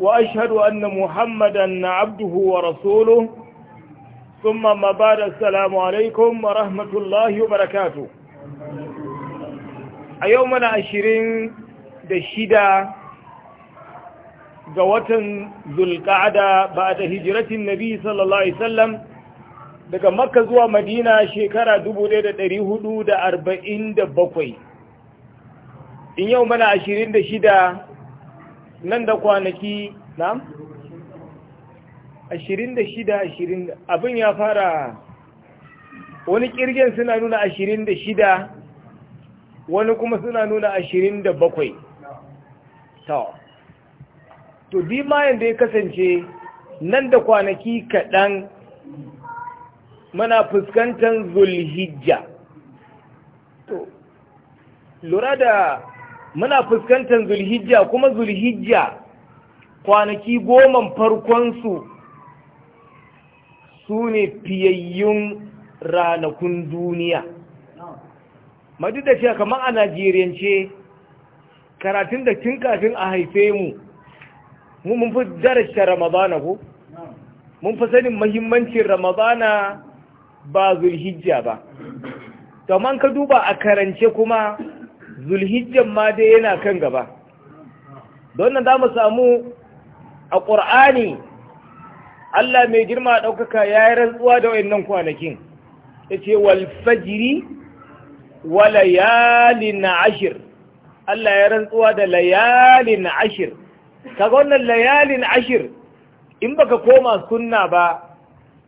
وأشهد أن محمدا عبده ورسوله ثم ما بعد السلام عليكم ورحمة الله وبركاته أيومنا عشرين دشيدا قوة ذو القعدة بعد هجرة النبي صلى الله عليه وسلم daga makka zuwa madina shekara 1447 in yau mana shida. nan da kwanaki na ashirin da shida ashirin abin ya fara wani kirgin suna nuna ashirin da shida wani kuma suna nuna ashirin da bakwai to bi mayan da ya kasance nan da kwanaki kaɗan mana fuskantar zulhijja to lura da muna fuskantar zulhijja kuma zulhijja kwanaki goman farkonsu su ne fiyayyun ranakun duniya madu ce kamar a najeriyance karatun da tun kafin a haife mu mun fi darasta ramadana ko mun fi sanin mahimmancin ramadana ba zulhijja ba kamar ka duba a karance kuma zulhijjan ma dai yana kan gaba don nan za mu samu a ƙur'ani Allah mai girma ɗaukaka ya yi rantsuwa da wayannan kwanakin ya ce walfajiri wa layalin ashir Allah ya rantsuwa da layalin ashir kaga wannan layalin ashir in baka koma sunna ba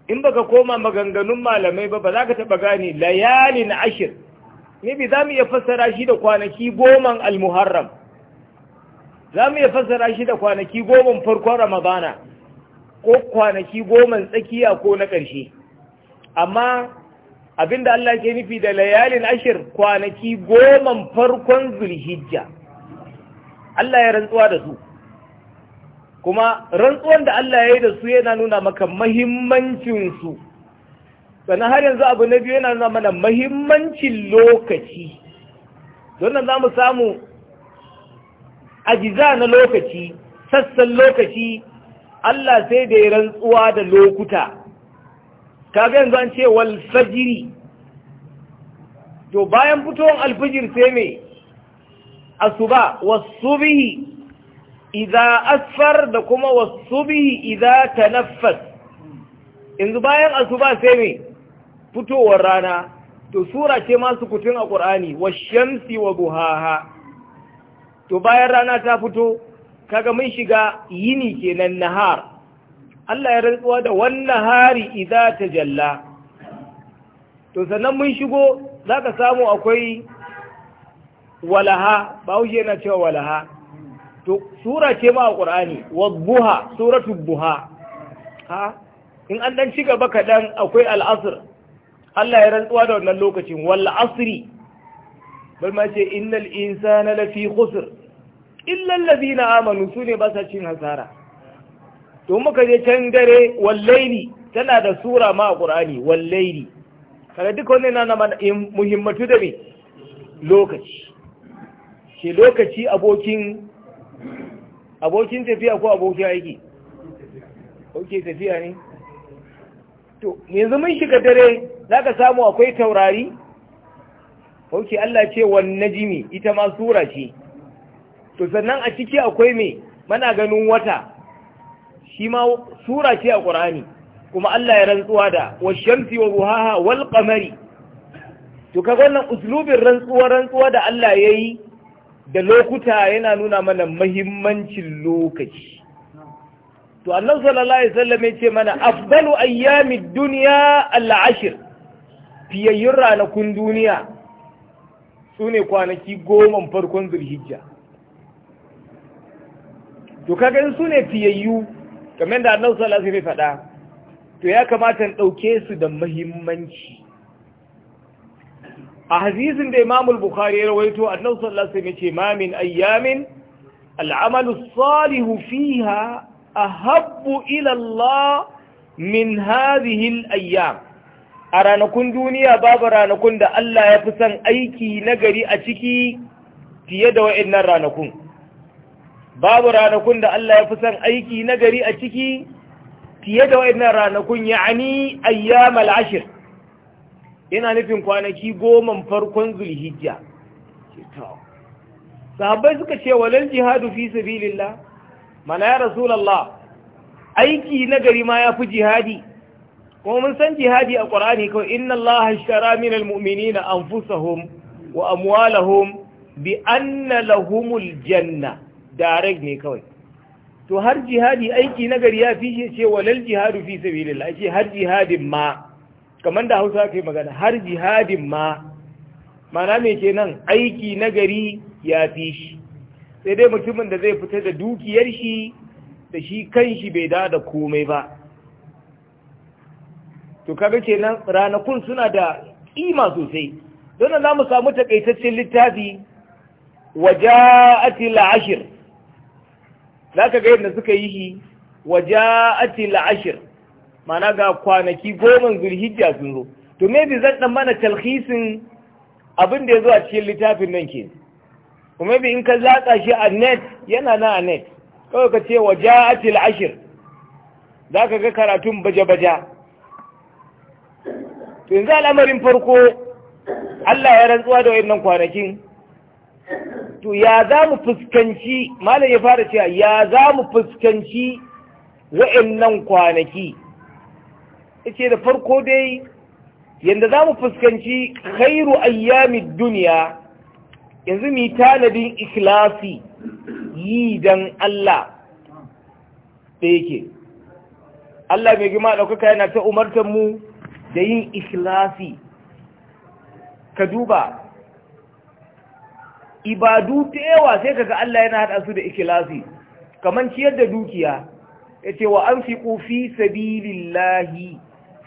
in baka koma maganganun malamai ba ba za ka taɓa gane layalin ashir maybe za mu iya fassara shi da kwanaki goman almuharram za mu iya fassara shi da kwanaki goman farkon ramadana ko kwanaki goman tsakiya ko na ƙarshe amma abinda Allah ke nufi da layalin ashir kwanaki goman farkon zulhijja Allah ya rantsuwa da su kuma rantsuwan da Allah ya yi da su yana nuna maka su sannan har yanzu abu na biyu yana nuna mana mahimmancin lokaci don nan za mu samu ajiza na lokaci sassan lokaci Allah sai da ya rantsuwa da lokuta kaga yanzu an ce wal fajiri to bayan fitowar alfijir sai mai asuba wasu bihi idza asfar da kuma wasu bihi idza tanaffas yanzu bayan asuba sai mai fitowar rana to sura ce masu kutun a ƙur'ani wa shamsi wa buhaha to bayan rana ta fito kaga mun shiga yini kenan nahar Allah ya rantsuwa da wannan hari idza jalla. to sannan mun shigo zaka samu akwai walaha Ba wuce yana cewa walaha to sura ce ma a ƙur'ani buha suratu buha ha in an dan ci gaba kaɗan akwai al'asr Allah ya rantsuwa da wannan lokacin wal asri bal ma ce innal insana lafi khusr illa alladhina amanu sune ba sa cin hasara to muka je can dare wal layli tana da sura ma qur'ani wal layli Kada duk wannan na nan muhimmatu da me lokaci ke lokaci abokin abokin tafiya ko abokin aiki ok tafiya ne to yanzu mun shiga dare za ka samu akwai taurari Hauki Allah ce wan najimi ita ma sura ce to sannan a ciki akwai me mana ganin wata shi ma sura ce a Qur'ani kuma Allah ya rantsuwa da wa shamsi wa Buhaha, wal qamari to kaga wannan uslubin rantsuwa rantsuwa da Allah yayi da lokuta yana nuna mana mahimmancin lokaci to Allah sallallahu alaihi wasallam ya ce mana afdalu ayyamid dunya al-ashr fiyayyun ranakun duniya su ne kwanaki goma farkon zulhijja to kaga in su ne fiyayyu kamar da annabi sallallahu alaihi fada, to ya kamata in ɗauke su da muhimmanci a hadisin da Imam bukhari ya rawaito annabi sallallahu alaihi wasallam ya ce ma min ayyamin al'amalu salihu fiha ahabbu ila Allah min hadhihi al-ayyam a ranakun duniya babu ranakun da Allah ya fi son aiki nagari a ciki fiye da wa'annan ranakun babu ranakun da Allah ya fi son aiki nagari a ciki fiye da wa'annan ranakun ani ayyamal ashir Ina nufin kwanaki goman farkon zulhijja sahabbai suka ce walal jihadu fi sabilillah mana ya rasulullah aiki nagari ma ya fi jihadi kuma mun san jihadi a ƙwarani kawai inna Allah shara min fusa hum wa amwalahum bi na lahumul janna direct ne kawai to har jihadi aiki na gari ya fi ce walal jihadu fi lalla ce har jihadin ma kamar da Hausa ka yi magana har jihadin ma mana me nan aiki nagari gari ya fi shi sai dai mutumin da zai fita da dukiyar shi da shi shi bai da da komai ba to kaga kenan ranakun suna da kima sosai don za mu samu takaitaccen littafi waja'atil za zaka ga yadda suka yi shi waja'atil ashir mana ga kwanaki goma zulhijja sun zo to me bi zan dan mana talhisin abin da ya zo a cikin littafin nan ke kuma bi in ka latsa shi a net yana na a net kawai ka ce waja'atil za zaka ga karatun baja-baja yanzu al'amarin farko Allah ya rantsuwa da wayannan kwanakin to ya za mu fuskanci malam ya fara cewa ya za mu fuskanci wayannan kwanaki yace da farko dai yanda za mu fuskanci khairu ayyamid duniya yanzu mu tanadin ikhlasi yi dan Allah da yake Allah mai gima ɗaukaka yana ta umartar mu da yin ikhlasi ka duba ibadu ta yawa sai ga Allah yana hada su da ikhlasi kamar ciyar da dukiya yace wa anfiqu fi sabilillahi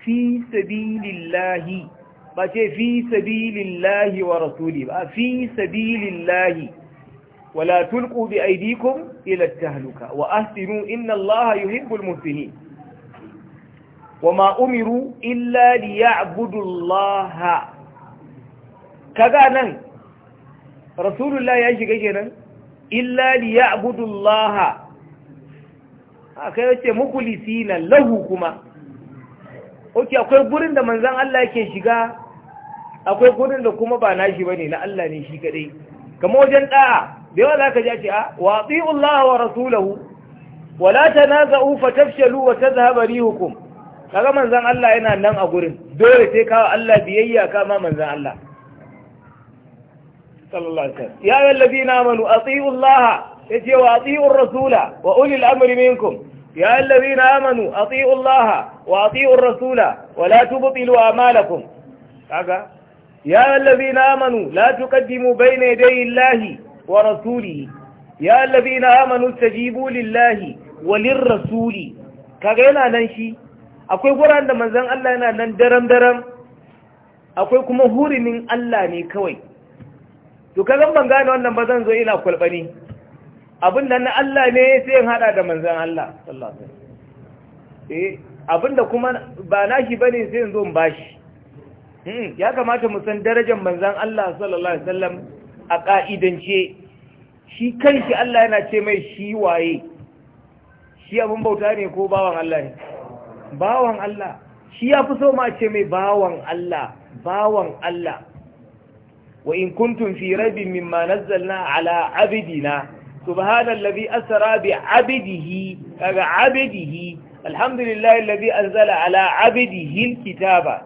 fi sabilillahi ba ce fi sabilillahi wa rasuli ba fi sabilillahi wala tulqu bi aidikum ila tahluka wa ahsinu inna Allaha yuhibbul muhsinin Wa ma umiru illa liya'budullaha kaga nan rasulullahi ya shiga kenan illa liya'budullaha aka yace mukhlisina lahu kuma oke akwai gurin da manzon Allah yake shiga akwai gurin da kuma ba nashi bane na Allah ne shi kadai kamar wajen da'a da yawa zaka ji a ce a ah, wa ati'ullaha wa rasuluhu wa la tanaza'u fatafshalu wa tadhhabu rihukum kaga manzan Allah yana nan a gurin dole sai kawo Allah biyayya kama manzan Allah sallallahu alaihi wasallam ya ayyuhallazina amanu atiiu Allah yace wa atiiu rasula wa ulil amri minkum ya na amanu atiiu Allah wa atiiu rasula wa la tubtilu a'malakum kaga ya ayyuhallazina amanu la bai ne dai Allahi wa Rasuli. ya ayyuhallazina amanu istajibu lillahi wa lirrasuli kaga yana nan shi akwai wuraren da manzan Allah yana nan daren-daren akwai kuma hurimin Allah ne kawai to kazan ban gane wannan ba zan zo ina kwalbani abin da na Allah ne sai in hada da manzan Allah sallallahu alaihi wasallam eh abin da kuma ba nashi bane sai in zo in bashi hmm, ya kamata mu san darajar manzan Allah sallallahu alaihi wasallam a ka'idance shi kanshi Allah yana ce mai shi waye shi abin bauta ne ko bawan Allah ne bawan Allah shi ya fi so ma ce mai bawan Allah bawan Allah wa in kuntum fi rabin mimma nazzalna ala abidina subhanallazi asra bi abidihi kaga abidihi alhamdulillahi allazi anzala ala abidihi alkitaba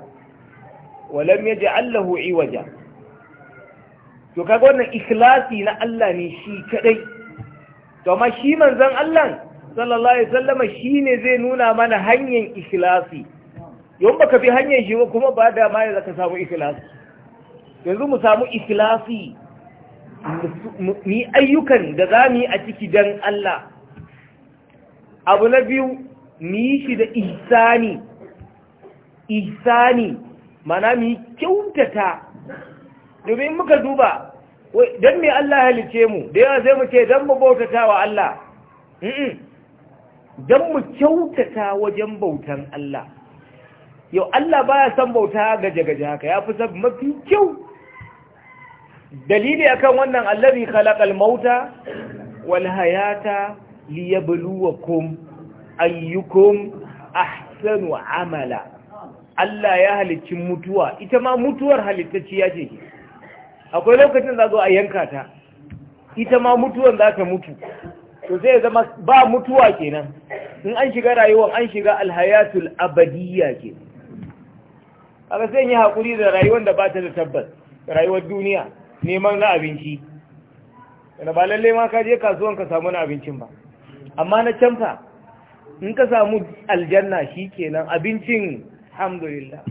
wa lam yaj'al lahu iwaja to kaga wannan ikhlasi na Allah ne shi kadai to ma shi manzon Allah sallallahu alaihi sallama shi ne zai nuna mana hanyar ikhlasi yau baka bi hanyar shi kuma ba da ma za ka samu ikhlasi yanzu mu samu ikhlasi ni ayyukan da za mu yi a ciki don Allah abu na biyu mu yi shi da ihsani ihsani mana mu yi kyautata domin muka duba don me Allah halice mu da yawa zai mu ce don mu bautata wa Allah don mu kyautata wajen bautan Allah yau Allah baya san bauta gaje-gaje haka ya fi son mafi kyau dalili akan wannan allazi khalaqal mauta Walhayata, hayata liyabluwakum ayyukum ahsanu amala Allah ya halicci mutuwa ita ma mutuwar halittaciya ce akwai lokacin za zo a yanka ta ita ma mutuwan za ta mutu to sai zama ba mutuwa kenan in an shiga rayuwar an shiga alhayatul abadiyya ke aka sai yi haƙuri da rayuwar da ba ta da tabbas rayuwar duniya neman na abinci da ba lalle ma ka je kasuwan ka samu na abincin ba amma na canfa in ka samu aljanna shi kenan abincin alhamdulillah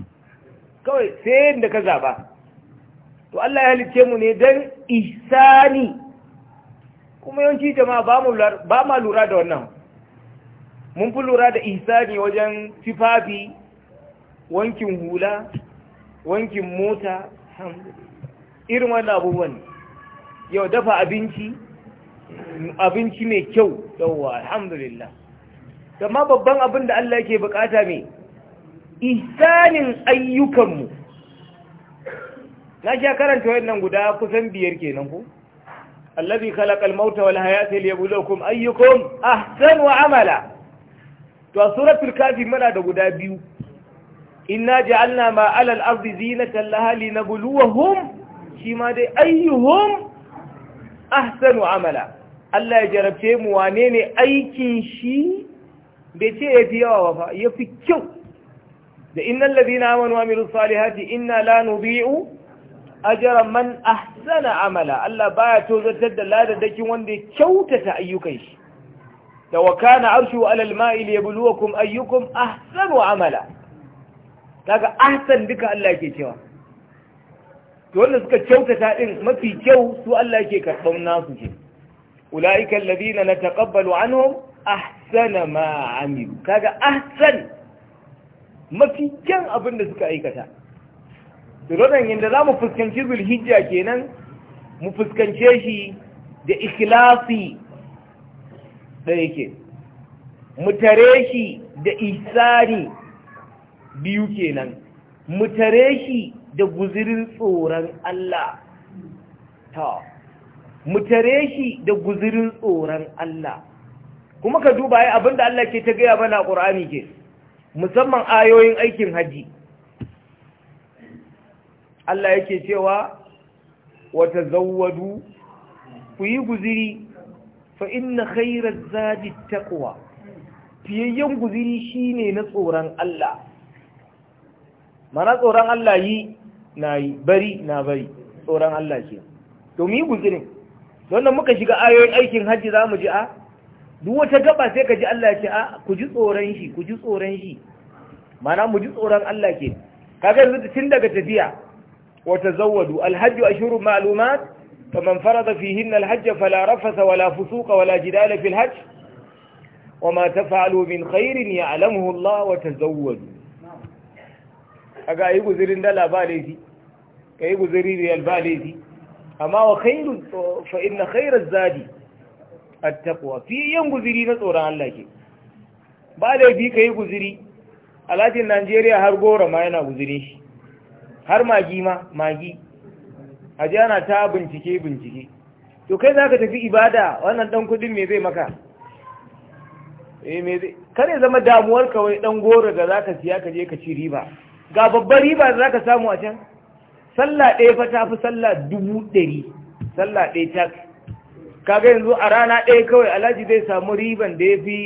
kawai sai yadda ka zaba to Allah ya halicce mu ne dan ihsani kuma yawanci jama'a ba ma lura da wannan mun fi lura da ihsani wajen tifafi wankin hula wankin mota irin wani abubuwan yau dafa abinci abinci mai kyau yauwa alhamdulillah kama babban abin da Allah yake bukata mai ihsanin ayyukanmu na sha karanta wannan guda kusan biyar kenan ku allabi kalakal mauta wal hayata liyabluwakum ayyukum ahsanu amala to a suratul kafi muna da guda biyu inna ja'alna ma alal ardi zinatan buluwa linabluwahum shi ma dai ayyuhum ahsanu amala Allah ya jarabce mu wane ne aikin shi bai ce ya fi yawa ba ya fi kyau da innan labina amanu amiru salihati inna la nubi'u ajaran man ahsana amala Allah baya tozartar da ladadakin wanda ya kyautata ayyukan shi da wa kana arshu alal ma'i liyabluwakum ayyukum ahsanu amala kaga ahsan duka Allah yake cewa to wanda suka kyautata din mafi kyau su Allah yake karban nasu ke. ulaika alladhina nataqabbalu anhum ahsana ma amilu kaga ahsan mafi kyan abin suka aikata to rodan za zamu fuskanci zulhijja kenan mu fuskance shi da ikhlasi ɗaya ke mu shi da isari biyu kenan mu tare shi da guzirin tsoron Allah ta mu shi da guzirin tsoron Allah kuma ka duba ai abinda Allah ke ta gaya mana Qur'ani ke musamman ayoyin aikin haji Allah yake cewa wa tazawwadu ku yi guziri fa inna khairaz zadi taqwa fiyayyen guziri shine na tsoron Allah mana tsoron Allah yi na yi bari na bari tsoron Allah ke to mu yi don wannan muka shiga ayoyin aikin hajji za mu ji a ah, duk wata gaba sai ka ji Allah ke a ah, ku ji tsoron shi ku ji tsoron shi mana mu ji tsoron Allah ke kaga yanzu tun daga tafiya wata zawadu. alhajju ashhurun ma'lumat فمن فرض فيهن الحج فلا رفث ولا فسوق ولا جدال في الحج وما تفعلوا من خير يعلمه الله وتزودوا kaga ayi guzurin dala ba laifi kayi guziri riyal ba laifi amma wa khairu fa inna zadi at-taqwa fi yan guzuri na tsoron Allah ke ba laifi kayi guzuri alatin Najeriya har gora ma yana guzuri har magi ma magi a ji ana ta bincike bincike to kai za ka tafi ibada wannan dan kudin me zai maka eh, kare zama damuwar kawai dan goro da za ka siya ka je ka ci riba ga babbar riba da za ka samu a can sallah ɗaya fa ta fi sallah dubu ɗari sallah ɗaya ta kaga yanzu a rana ɗaya kawai alhaji zai samu riban da ya fi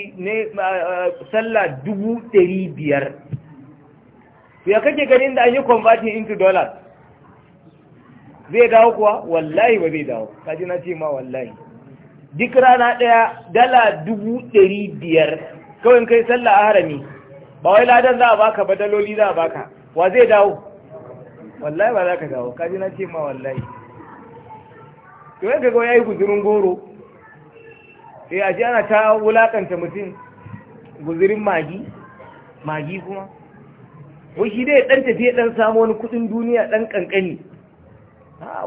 sallah dubu ɗari biyar ya kake ganin da an yi converting into dollars zai dawo kuwa wallahi ba zai dawo kaji na ce ma wallahi duk rana ɗaya dala dubu ɗari biyar kawai kai sallah a harami ba wai ladan za a baka ba daloli za a baka wa zai dawo wallahi ba za ka dawo kaji na ce ma wallahi to yanka ya yi guzurin goro eh a ana ta wulakanta mutum guzurin magi magi kuma wai shi dai dan tafiye dan samu wani kudin duniya dan kankani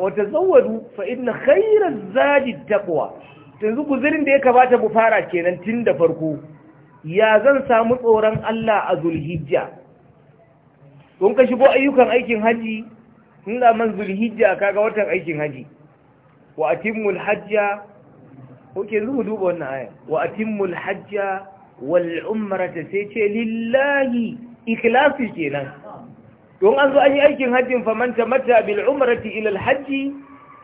wata zawadu fa inna khairar zaji taqwa yanzu guzirin da ya kamata mu fara kenan tun da farko ya zan samu tsoron Allah a zulhijja kun ka shigo ayyukan aikin haji in da man zulhijja kaga watan aikin haji wa atimul hajja zuwa duba wannan aya wa atimul hajja wal umrata sai ce lillahi ikhlasi kenan don an zo an yi aikin hajjin famanta mata bil umrati ila al hajji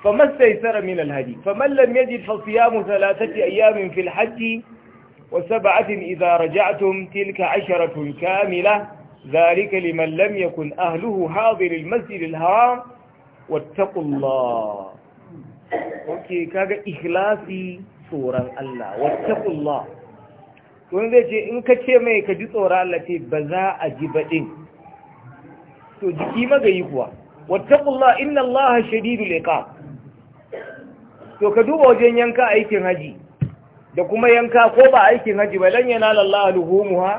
famastaysara min al hadi faman lam yajid fa siyamu thalathati ayamin fil hajji wa sab'atin idha raja'tum tilka 'asharatun kamila dhalika liman lam yakun ahluhu hadir al masjid al haram wattaqullah okay kaga ikhlasi tsoron Allah wattaqullah wani zai ce in ka ce mai ka ji tsoron Allah ce ba za a ji baɗin to jiki magayi kuwa wattaqullah inna allaha shadidul iqab to ka duba wajen yanka aikin haji da kuma yanka ko ba aikin haji ba lan yanala allah luhumuha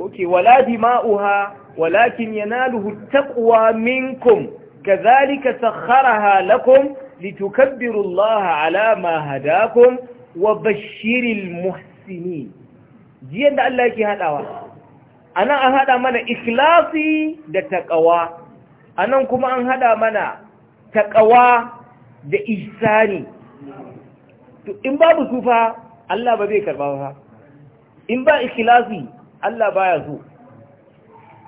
okay wala dima'uha walakin yanaluhu taqwa minkum kadhalika sakharaha lakum litukabbiru ala ma hadakum wa bashiril muhsinin jiyan da Allah yake hadawa anan an haɗa mana ikhlasi da A anan kuma an haɗa mana Taƙawa da ihsani to in babu sufa Allah ba zai karba ba in ba Ikilasi, Allah baya so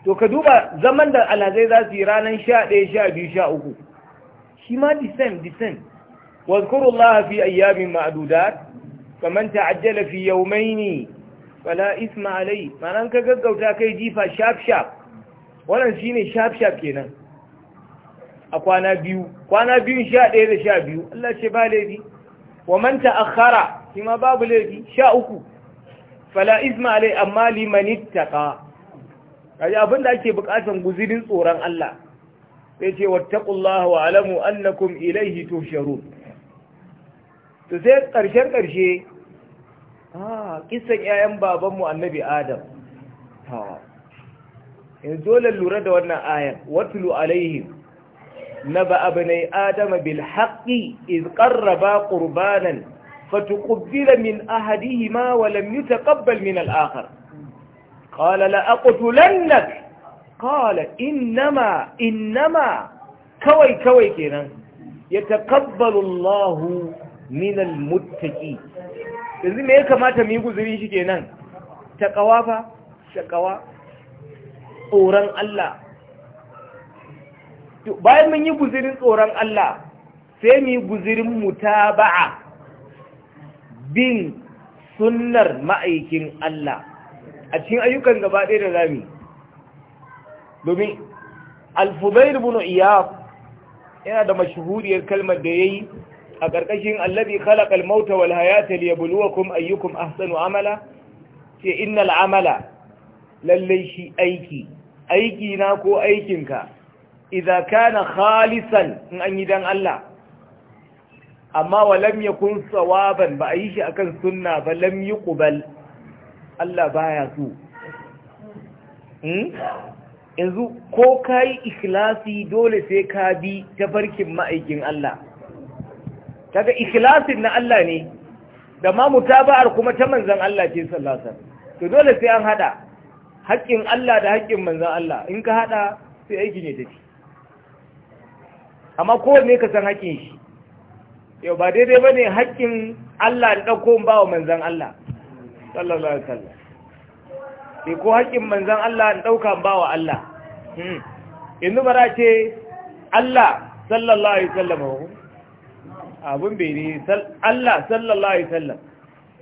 to ka duba zaman da alhazai za su yi ranar sha ɗaya sha biyu sha uku shi ma the same the same fi ayyamin ma'adudar. faman ta'ajjala fi yawmaini fala isma alai ma'anan ka gaggauta kai jifa sharp sharp wannan shine sharp sharp kenan a kwana biyu kwana biyun sha ɗaya da sha biyu Allah ce ba laifi wa man ta'akhara kima babu laifi sha uku fala isma alai amma liman ittaqa kaji abin da ake bukatun guzirin tsoron Allah sai ce wattaqullaha wa alamu annakum ilayhi tusharun to sai karshen karshe ha kisan 'ya'yan babanmu annabi adam ha in dole lura da wannan ayar watulu alaihim naba abnai adam bil haqqi iz qarraba qurbanan fatuqbila min ahadihima wa lam yutaqabbal min al akhar qala la aqtulannak qala innama innama kawai kawai kenan yataqabbalu Allahu min al muttaqin yanzu me ya kamata mu yi guzuri shi ke Ta kawa fa kawa? tsoron Allah bayan mun yi guzurin tsoron Allah sai mu yi guzurin mutaba'a bin sunnar ma'aikin Allah a cikin ayyukan gaba ɗaya da zami domin alfubair bin iyaf yana da mashhuriyar kalmar da yayi a ƙarƙashin allabi khalaqal mauta wal hayata kuma ayyukum ahsanu amala ce innal amala lallai shi aiki aiki na ko aikinka Iza kana khalisan in an yi dan Allah amma wa lam kun tsawaban, ba a yi shi akan sunna ba lam yuqbal Allah baya so hmm? yanzu ko yi ikhlasi dole sai ka bi tafarkin ma'aikin Allah kaga ikhlasin na Allah ne da ma mutaba'ar kuma ta manzon Allah ce sallallahu alaihi wasallam to dole sai an hada haƙƙin Allah da haƙƙin manzon Allah in ka hada sai aiki ne tafi amma ko kowanne ka san haƙƙin shi yau ba daidai bane haƙƙin Allah da dauko ba wa manzon Allah sallallahu alaihi wasallam sai ko haƙƙin manzon Allah da dauka ba wa Allah hmm. yanzu bara ce Allah sallallahu alaihi wasallam abin bai ne Allah sallallahu alaihi sallam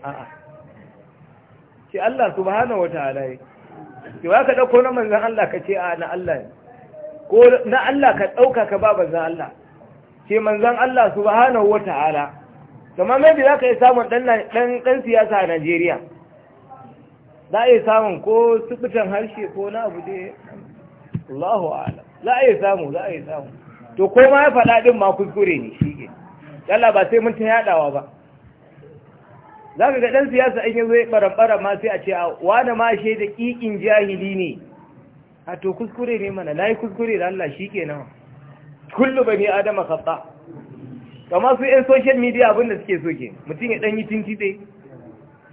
a'a ce Allah subhanahu wata'ala ne Ke ba ka dauko na manzan Allah ka ce a na Allah ne ko na Allah ka dauka ka ba manzan Allah ce manzan Allah subhanahu wata'ala kamar mai za ka yi samun dan siyasa a Najeriya za a yi samun ko sukutan harshe ko na abu dai Allahu a'lam za a yi samu za a yi samu to ko ma ya faɗa ma kuskure ne shi Allah ba sai mun ta yadawa ba za ka ga ɗan siyasa in yanzu ya ɓaran ma sai a ce a wani ma shi da ƙiƙin jahili ne a to kuskure ne mana na yi kuskure da Allah shi ke nawa kullu ba ne adama khatta kama su yan social media abin da suke soke mutum ya ɗan yi tintide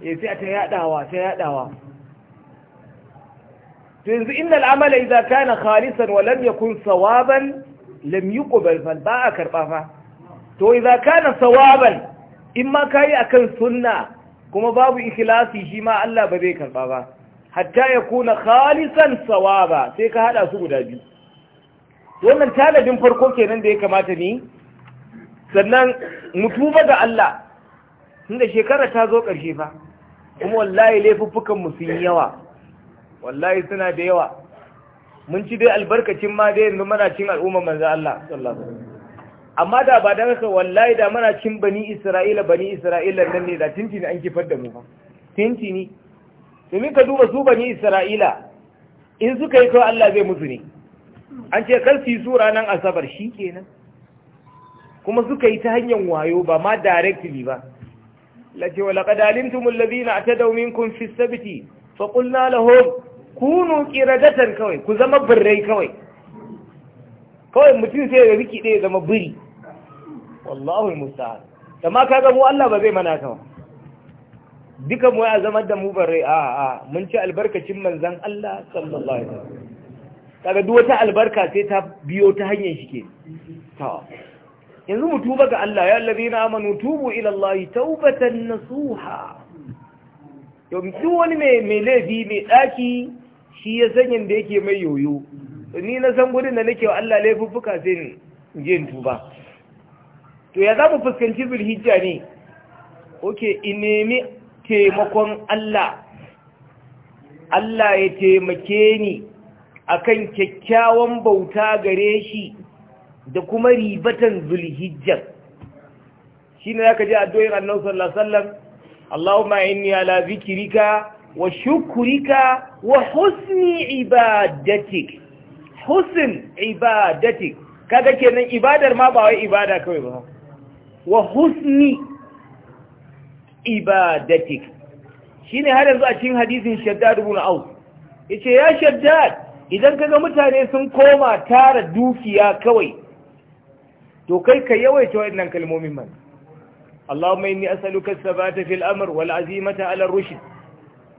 ya sai a ta yadawa ta yadawa to yanzu inna al'amala idza kana khalisan wa lam yakun sawaban lam yuqbal fa ba a karɓa fa to idza kana sawaban in ma kayi akan sunna kuma babu ikhlasi shi ma Allah ba zai karba ba hatta ya kuna khalisan sawaba sai ka hada su guda biyu wannan talabin farko kenan da ya kamata ni sannan mutuba ga Allah tunda shekara ta zo karshe fa kuma wallahi laifuffukan mu sun yawa wallahi suna da yawa mun ci dai albarkacin ma dai yanzu mana cin al'umma manzo Allah sallallahu alaihi wasallam amma da ba da haka wallahi da muna cin bani isra'ila bani isra'ila nan ne da tintini an kifar da mu tintini domin ka duba su bani isra'ila in suka yi kawai Allah zai musu ne an ce kar su yi nan ranar asabar shi kenan kuma suka yi ta hanyar wayo ba ma directly ba lace wala qadalintum alladhina atadaw minkum fi sabti fa qulna lahum kunu qiradatan kawai ku zama birrai kawai kawai mutum sai ya riki ɗaya zama biri wallahu musta'an amma kaga mu Allah ba zai mana ka duka mu ya zama da mu bare a a mun ci albarkacin manzon Allah sallallahu alaihi wasallam kaga duk wata albarka sai ta biyo ta hanyar shi ke to yanzu mu tuba ga Allah ya allazina amanu tubu ila Allah taubatan nasuha to duk wani mai laifi mai daki shi ya san yadda yake mai yoyo ni na san gudun da nake wa Allah laifuffuka sai in je in tuba to ya za mu fuskanci zulhijja ne oke in nemi taimakon Allah Allah ya taimake ni akan kyakkyawan bauta gare shi da kuma ribatan zulhijjar za ka ji addu'ar Annabi annan alaihi Allahumma inni ala zikirika wa shukurika wa husni ibadatik husn ibadatik kaga kenan ibadar ma ba wai ibada kawai ba وحسن عبادتك shine har yanzu a cikin hadisin Shaddad ibn Auf yace ya Shaddad idan kaga mutane sun koma tara dukiya kawai to kai ka yawaita waɗannan kalmomin man اللهم إني أسألك الثبات في الأمر والعزيمة على الرشد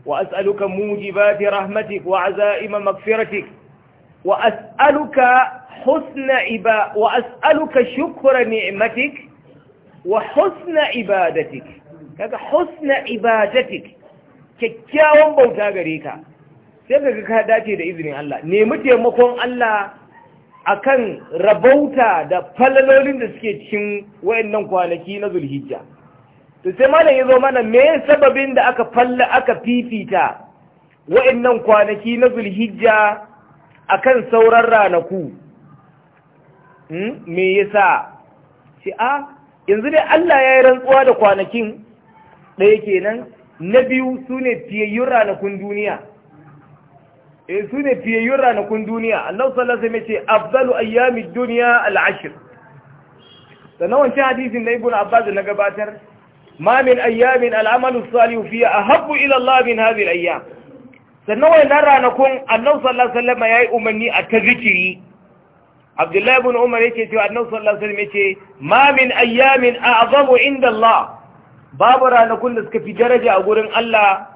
وأسألك موجبات رحمتك وعزائم مغفرتك وأسألك حسن عبا وأسألك شكر نعمتك wa husna ibadatik kaga husna ibadatik kyakkyawan bauta gare ka sai kaga ka dace da izinin Allah nemi taimakon Allah akan rabauta da falalolin da suke cikin wayannan kwanaki na Zulhijja to sai malam yazo mana me sababin da aka falla aka fifita wayannan kwanaki na Zulhijja akan sauran ranaku hmm? me yasa shi a ah, yanzu dai Allah ya yi rantsuwa da kwanakin ɗaya kenan na biyu su ne fiyayyun ranakun duniya e su ne fiyayyun ranakun duniya Allah sallallahu sai ce abdalu ayyami duniya al'ashir Da na wancan hadisin na ibn abbas na gabatar ma min ayyamin al'amalu salihu fiya a habbu ilallah min hadhihi ayyam sannan wannan ranakun Allah sallallahu alaihi ya yayi umarni a ta zikiri abdullahi ibn umar yake cewa annabi sallallahu alaihi wasallam yake ma min ayyamin a'zamu inda Allah babu ranakun da suka fi daraja a gurin Allah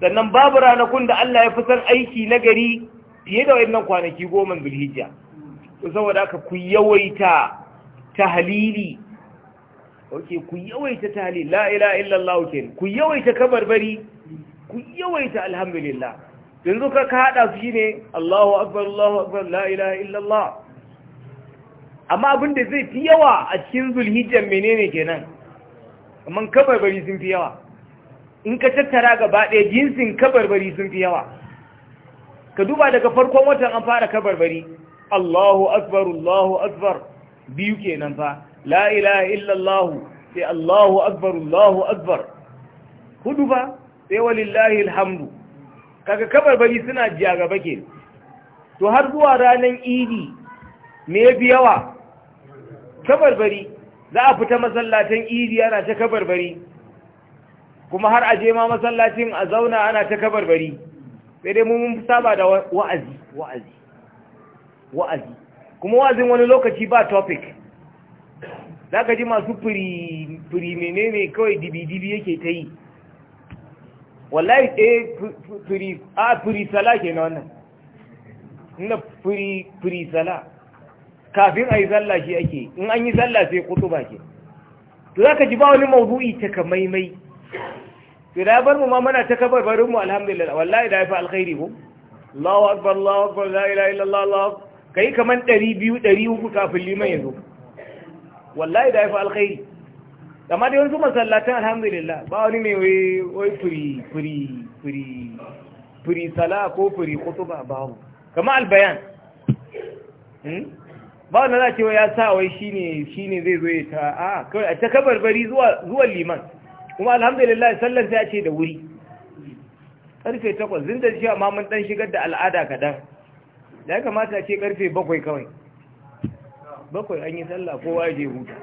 sannan babu ranakun da Allah ya fi san aiki na gari fiye da wannan kwanaki goma zulhijja to saboda haka ku yawaita tahlili oke ku yawaita tahlili la ilaha illallah ken ku yawaita kabarbari ku yawaita alhamdulillah yanzu ka ka hada su shine Allahu akbar Allahu akbar la ilaha illallah amma abin da zai fi yawa a cikin zulhijjar menene kenan kabar kabarbari sun fi yawa in ka tattara gaba ɗaya jinsin kabarbari sun fi yawa ka duba daga farkon watan an fara kabarbari Allahu akbar Allahu akbar biyu kenan fa la ilaha illallah sai Allahu akbar Allahu akbar hudu fa sai walillahi alhamdu kaga kabarbari suna jiya gaba ke to har zuwa ranar idi me fi yawa kabarbari za a fita masallacin idi ana ta kabarbari kuma har a je ma masallacin a zauna ana ta kabarbari sai dai mun saba da wa'azi wa'azi wa'azi kuma wa'azin wani lokaci ba topic za ka ji masu firi ne kawai dibi-dibi yake ta yi wallahi ɗaya eh, firisala a ke na wannan na firisala kafin a yi sallah shi ake in an yi sallah sai ba ke to za ka ji ba wani ka maimai to da bar mu ma muna ta kabarin mu alhamdulillah wallahi da ya fi alkhairi ko Allahu akbar Allahu akbar la ilaha illallah Allah kai kaman 200 300 kafin liman yanzu wallahi da ya fi alkhairi amma da yanzu masallatan alhamdulillah ba wani mai wai furi furi furi furi sala ko furi kutuba ba kama albayan hmm? ba wanda za cewa ya sa wai shi ne zai zo ya ta a kawai a ta kabarbari zuwa liman kuma alhamdulillah sallan sai a ce da wuri karfe takwas zin da cewa ma mun dan shigar da al'ada kaɗan ya kamata a ce karfe bakwai kawai bakwai an yi sallah kowa ya je huta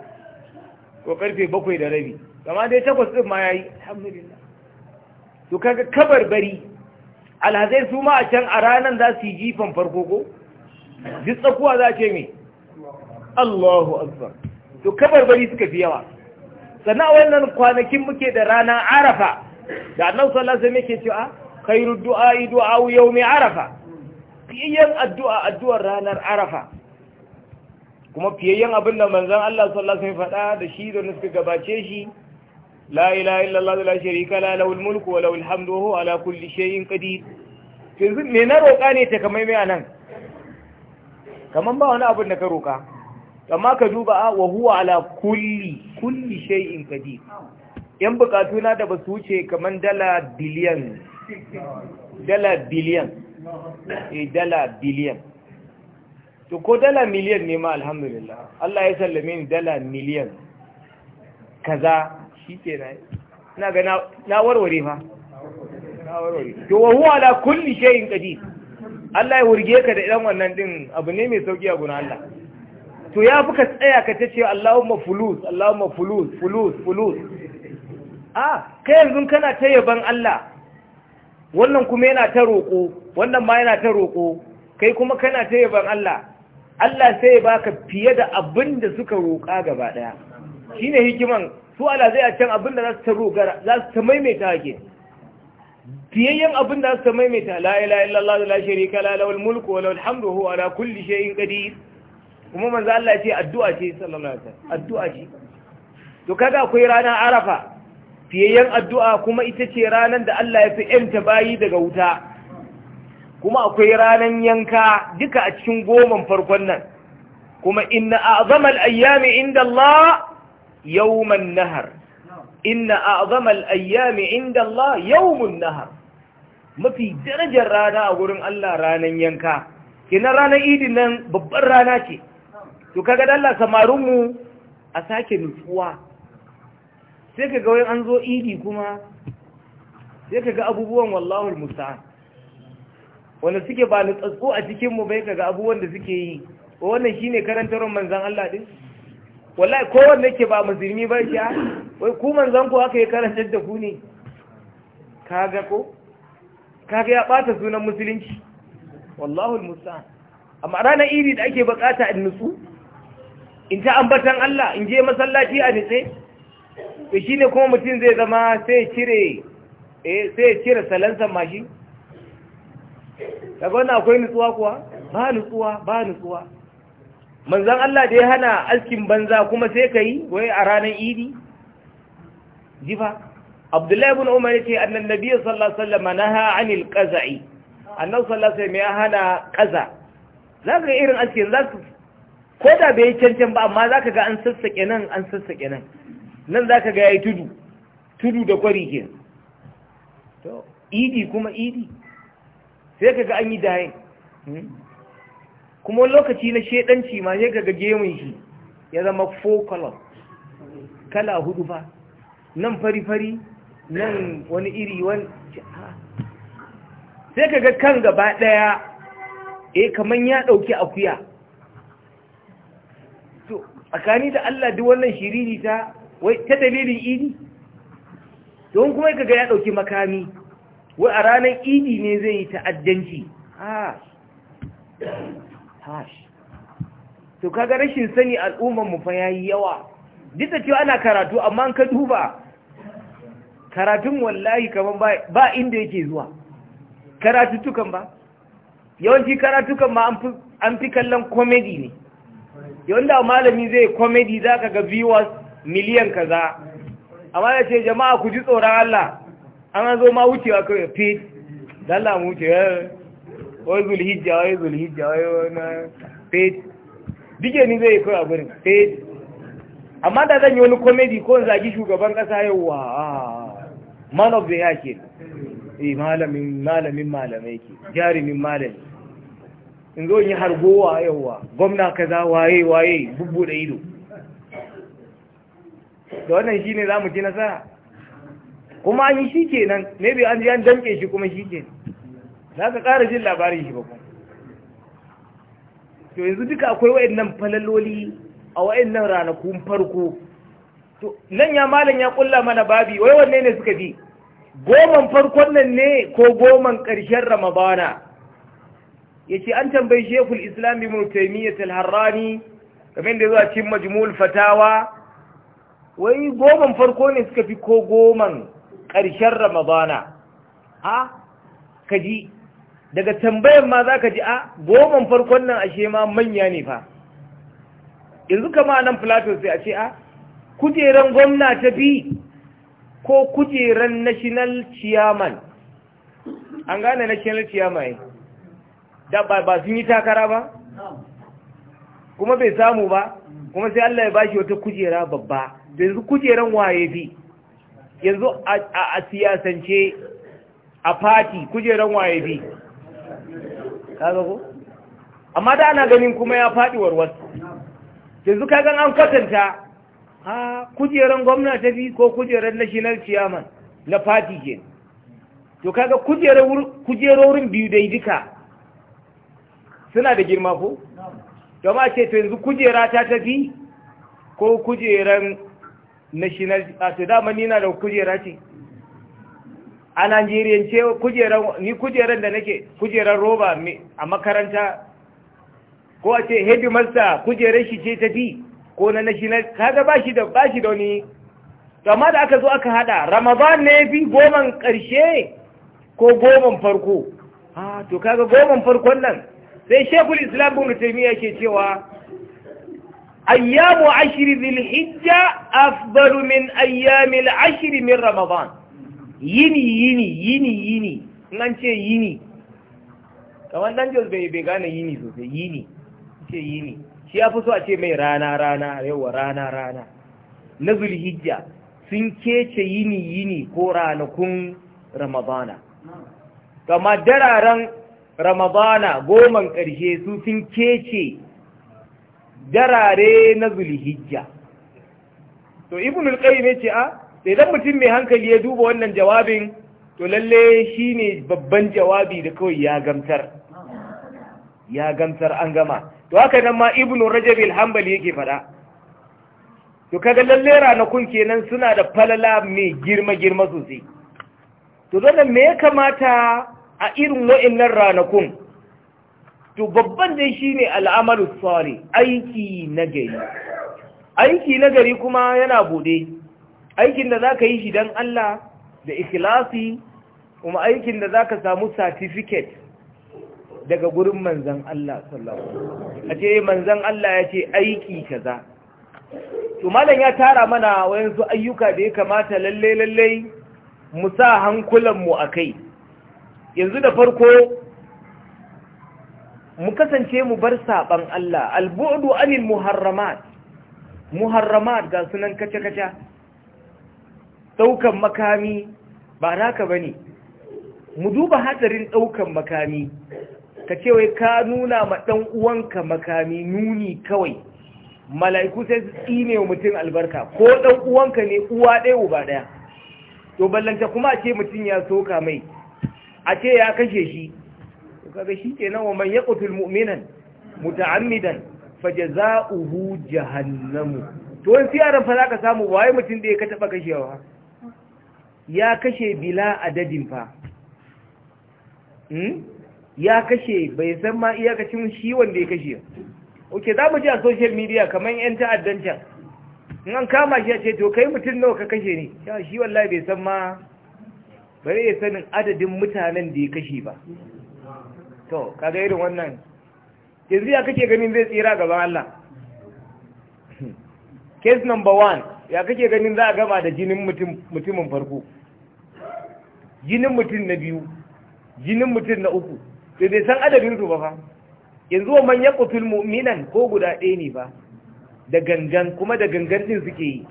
ko karfe bakwai da rabi kama dai takwas ɗin ma ya yi alhamdulillah to kaga kabarbari alhazai su ma a can a ranar za su yi jifan farko ko duk tsakuwa za ce mai Allahu akbar to bari suka fi yawa sana wannan kwanakin muke da rana arafa da annabi sallallahu alaihi wasallam yake cewa khairu du'a'i du'a'u yawmi arafa fiyayyen addu'a addu'ar ranar arafa kuma fiyayyen abin da manzon Allah sallallahu alaihi wasallam da shi da gabace shi la ilaha illallah la sharika la lahul mulku wa lahul hamdu wa huwa ala kulli shay'in qadir me na roƙa ne ta kamai kaman ba wani abin da ka roka amma ka duba a ah, wa huwa ala kulli kulli shay'in qadir yan bukatu na da basu wuce kaman dala biliyan dala biliyan eh dala biliyan to ko dala miliyan ne ma alhamdulillah Allah ya sallame ni dala miliyan kaza shikenan ina ga na warware fa na warware to wa huwa ala kulli shay'in qadir Allah ya wurge ka da idan wannan din abu ne mai sauki a guna Allah to ya fi ka tsaya ka ta ce Allahumma fulus Allahumma fulus fulus fulus a kai yanzu kana ta yaban Allah wannan kuma yana ta roƙo wannan ma yana ta roƙo kai kuma kana ta yaban Allah Allah sai ba ka fiye da abin da suka roƙa gaba ɗaya Shi ne hikiman su Allah zai a can abin da za su ta roƙa za su ta maimaita hake fiyayyen abin da suka maimaita la ilaha illallah la sharika la lahul mulku wa lahul hamdu huwa ala kulli shay'in qadir kuma manzo Allah ce addu'a ce sallallahu alaihi addu'a ce to kaga akwai ranar arafa fiyayyen addu'a kuma ita ce ranar da Allah ya fi yanta bayi daga wuta kuma akwai ranar yanka duka a cikin goman farkon nan kuma inna a al-ayyami inda Allah yawman nahar inna a al-ayyami inda Allah yawmun nahar mafi darajar rana a gurin Allah ranan yanka kina ranar idin nan babbar rana ce to kaga Allah samarinmu a sake nutsuwa sai kaga wai an zo idi kuma sai kaga abubuwan wallahul musa wanda suke ba tsatsu a cikinmu bai kaga abubuwan da suke yi wannan shine karantarwar manzon Allah din wallahi wanda ke ba musulmi ba shi ah? wai ku manzon ku aka yi karantar da ku ne kaga ko kaga ya bata sunan musulunci wallahu almusta'an amma ranar iri da ake bukata in nutsu in ta ambatan Allah in je masallaci a nitse to shine kuma mutum zai zama sai cire eh sai cire salansan mashi kaga wannan akwai nutsuwa kuwa ba nutsuwa ba nutsuwa manzon Allah da ya hana askin banza kuma sai kai wai a ranar iri jifa abdullahi ibn umar yace annan nabi sallallahu alaihi wasallam naha anil qaza'i annabi sallallahu alaihi wasallam ya hana qaza zaka ga irin askin zaka ko da bai cancan ba amma zaka ga an sassake nan an sassake nan nan zaka ga yayi tudu tudu da kwari ke to idi kuma idi sai kaga an yi dai hmm? kuma lokaci na shedanci ma sai kaga gemun shi ya zama four color kala hudu ba nan fari-fari nan wani iri wani sai ka ga kan gaba ɗaya eh kaman ya ɗauki akuya to tsakani da Allah duk wannan shiriri ta wai ta dalilin idi don kuma ka ga ya ɗauki makami wai a ranar idi ne zai yi ta'addanci hash to kaga rashin sani al'ummar mu fa yayi yawa duk da cewa ana karatu amma an ka duba karatun wallahi kaman ba inda yake zuwa karatuttukan ba yawanci karatukan ma an fi kallon komedi ne yawanda malami zai komedi za ka ga viewers miliyan kaza amma ya ce jama'a ku ji tsoron Allah an zo ma wucewa kawai fit da Allah mu wuce eh, wai zulhijja wai zulhijja wai wani fit dike ni zai kawai a gurin fit amma da zan yi wani komedi ko zagi shugaban ƙasa yau wa ah. man of the year ke eh malamin malamin malamai ke jarumin malami in zo yi harbowa yawa gwamna kaza waye waye bubbu da ido da wannan shine zamu ci nasara kuma an yi shi kenan maybe an ji an damke shi kuma shi ke za ka ƙara jin labarin shi ba kuma to yanzu duka akwai wa'annan falaloli a wa'annan ranakun farko to nan ya malam ya kulla mana babi wai wanne ne suka fi goman farkon nan ne ko goman ƙarshen ramadana yace an tambayi shekul islam bi mutaymiyat al-harrani kamar da zuwa cikin majmu'ul fatawa wai goman farko ne suka fi ko goman karshen ramadana a kaji daga tambayan ma za ka ji a goman farkon nan ashe ma manya ne fa yanzu kama nan plato sai a ce a kujeran gwamna ta bi ko kujeran national chairman an gane national chairman da ba sun yi takara ba kuma bai samu ba kuma sai Allah ya bashi wata kujera babba yanzu kujeran waye bi yanzu a siyasance a fati kujeran waye bi kaga ko amma da ana ganin kuma ya faɗi warwar. yanzu kagan an kwatanta a kujeran gwamna ta fi ko kujeran national chairman na party ke to kaga kujerorin biyu dai duka suna da girma ko to ma ce to yanzu kujera ta tafi ko kujeran national a to dama ni na da kujera ce a Najeriya ce kujeran ni kujeran da nake kujeran roba a makaranta ko a ce headmaster kujeran shi ce tafi ko na nashi na kaga bashi da bashi da wani amma da aka zo aka hada ramadan ne bi goman karshe ko goman farko ha to kaga goman farkon nan sai shekul islam bin taymiya ke cewa ayyamu ashr dhil hijja afdalu min ayyami al ashri min ramadan yini yini yini yini nan ce yini kamar dan jos bai gane yini sosai yini ce yini shi ya fi so a ce mai rana rana yawa rana rana na zulhijja sun kece yini yini ko ranakun ramadana kama dararen ramadana goman ƙarshe su sun kece darare na zulhijja to ibn al ne ce a ah, don mutum mai hankali ya duba wannan jawabin to lalle shine babban jawabi da kawai ya gamtar ya gamsar an gama to haka nan ma ibnu rajab al-hanbali yake fada to kaga lalle ranakun kenan suna da falala mai girma girma sosai to dole me ya kamata a irin wa'annan ranakun to babban dai shine al'amalu sari aiki nagari aiki nagari kuma yana bude aikin da zaka yi shi dan Allah da ikhlasi kuma aikin da zaka samu certificate daga gurin manzan Allah sallallahu a ce manzan Allah ya ce aiki kaza to malam ya tara mana wayansu ayyuka da ya kamata lalle lalle mu sa hankulan mu akai yanzu da farko mu kasance mu bar saban Allah albu'du anil muharramat muharramat ga sunan kace kace daukan makami ba naka bane mu duba hatsarin ɗaukan makami ka ce wai ka nuna ma ɗan uwanka makami nuni kawai mala'iku sai su tsine wa mutum albarka ko ɗan uwanka ne uwa ɗaya uba ɗaya to ballanta kuma a ce mutum ya soka mai a ce ya kashe shi kaga shi ke nan wa man yaqutul mu'minan muta'ammidan fajaza'uhu jahannamu to wani siyaran fa za ka samu ba wai mutum ɗaya ka taɓa kashewa ya kashe bila adadin fa hmm? ya kashe bai san ma iyakacin shi wanda ya kashe oke za mu ji a social media kamar 'yan ta'addan can in kama shi a ce to kai mutum nawa ka kashe ne ya shi wallahi bai san ma bare ya sanin adadin mutanen da ya kashe ba to kaga irin wannan yanzu ya kake ganin zai tsira gaban Allah case number one ya kake ganin za a gama da jinin mutumin farko jinin mutum na biyu jinin mutum na uku to bai san adadin su ba fa yanzu man ya kutul mu'minan ko guda ɗaya ne ba da gangan kuma da gangan din suke yi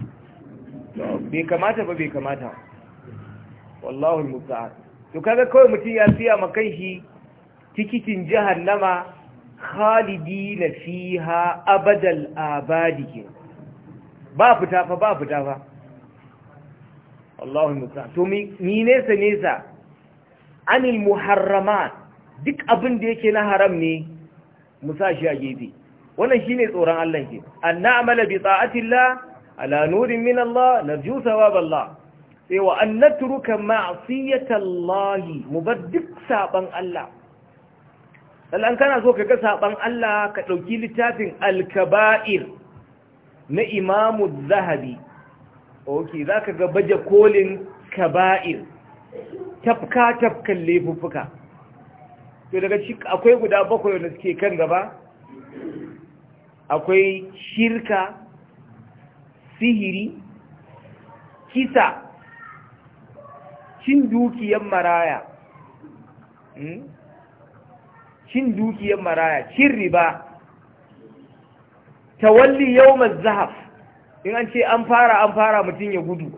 bai kamata ba bai kamata wallahu musta'an to kaga kawai mutum ya siya ma shi tikitin jahannama khalidina fiha abadal abadi ba fita fa ba fita fa Allahu musta'an to mi nesa nesa anil muharramat duk abin da yake na haram ne mu sa shi a gefe wannan shine tsoron Allah ke an na'mala bi ta'atillah ala nurin min Allah narju thawaballah sai wa an natruka ma'siyatallahi mu bar duk saban Allah Allah kana so ka ga saban Allah ka dauki littafin al-kaba'ir na Imam az-Zahabi okay zaka ga baje kolin kaba'ir tafka tafkan laifuffuka to daga cikin akwai guda bakwai wanda suke kan gaba akwai shirka sihiri kisa cin dukiyar maraya hmm? cin dukiyar maraya cin riba tawalli yawmaz zahaf in an ce an fara an fara mutum ya gudu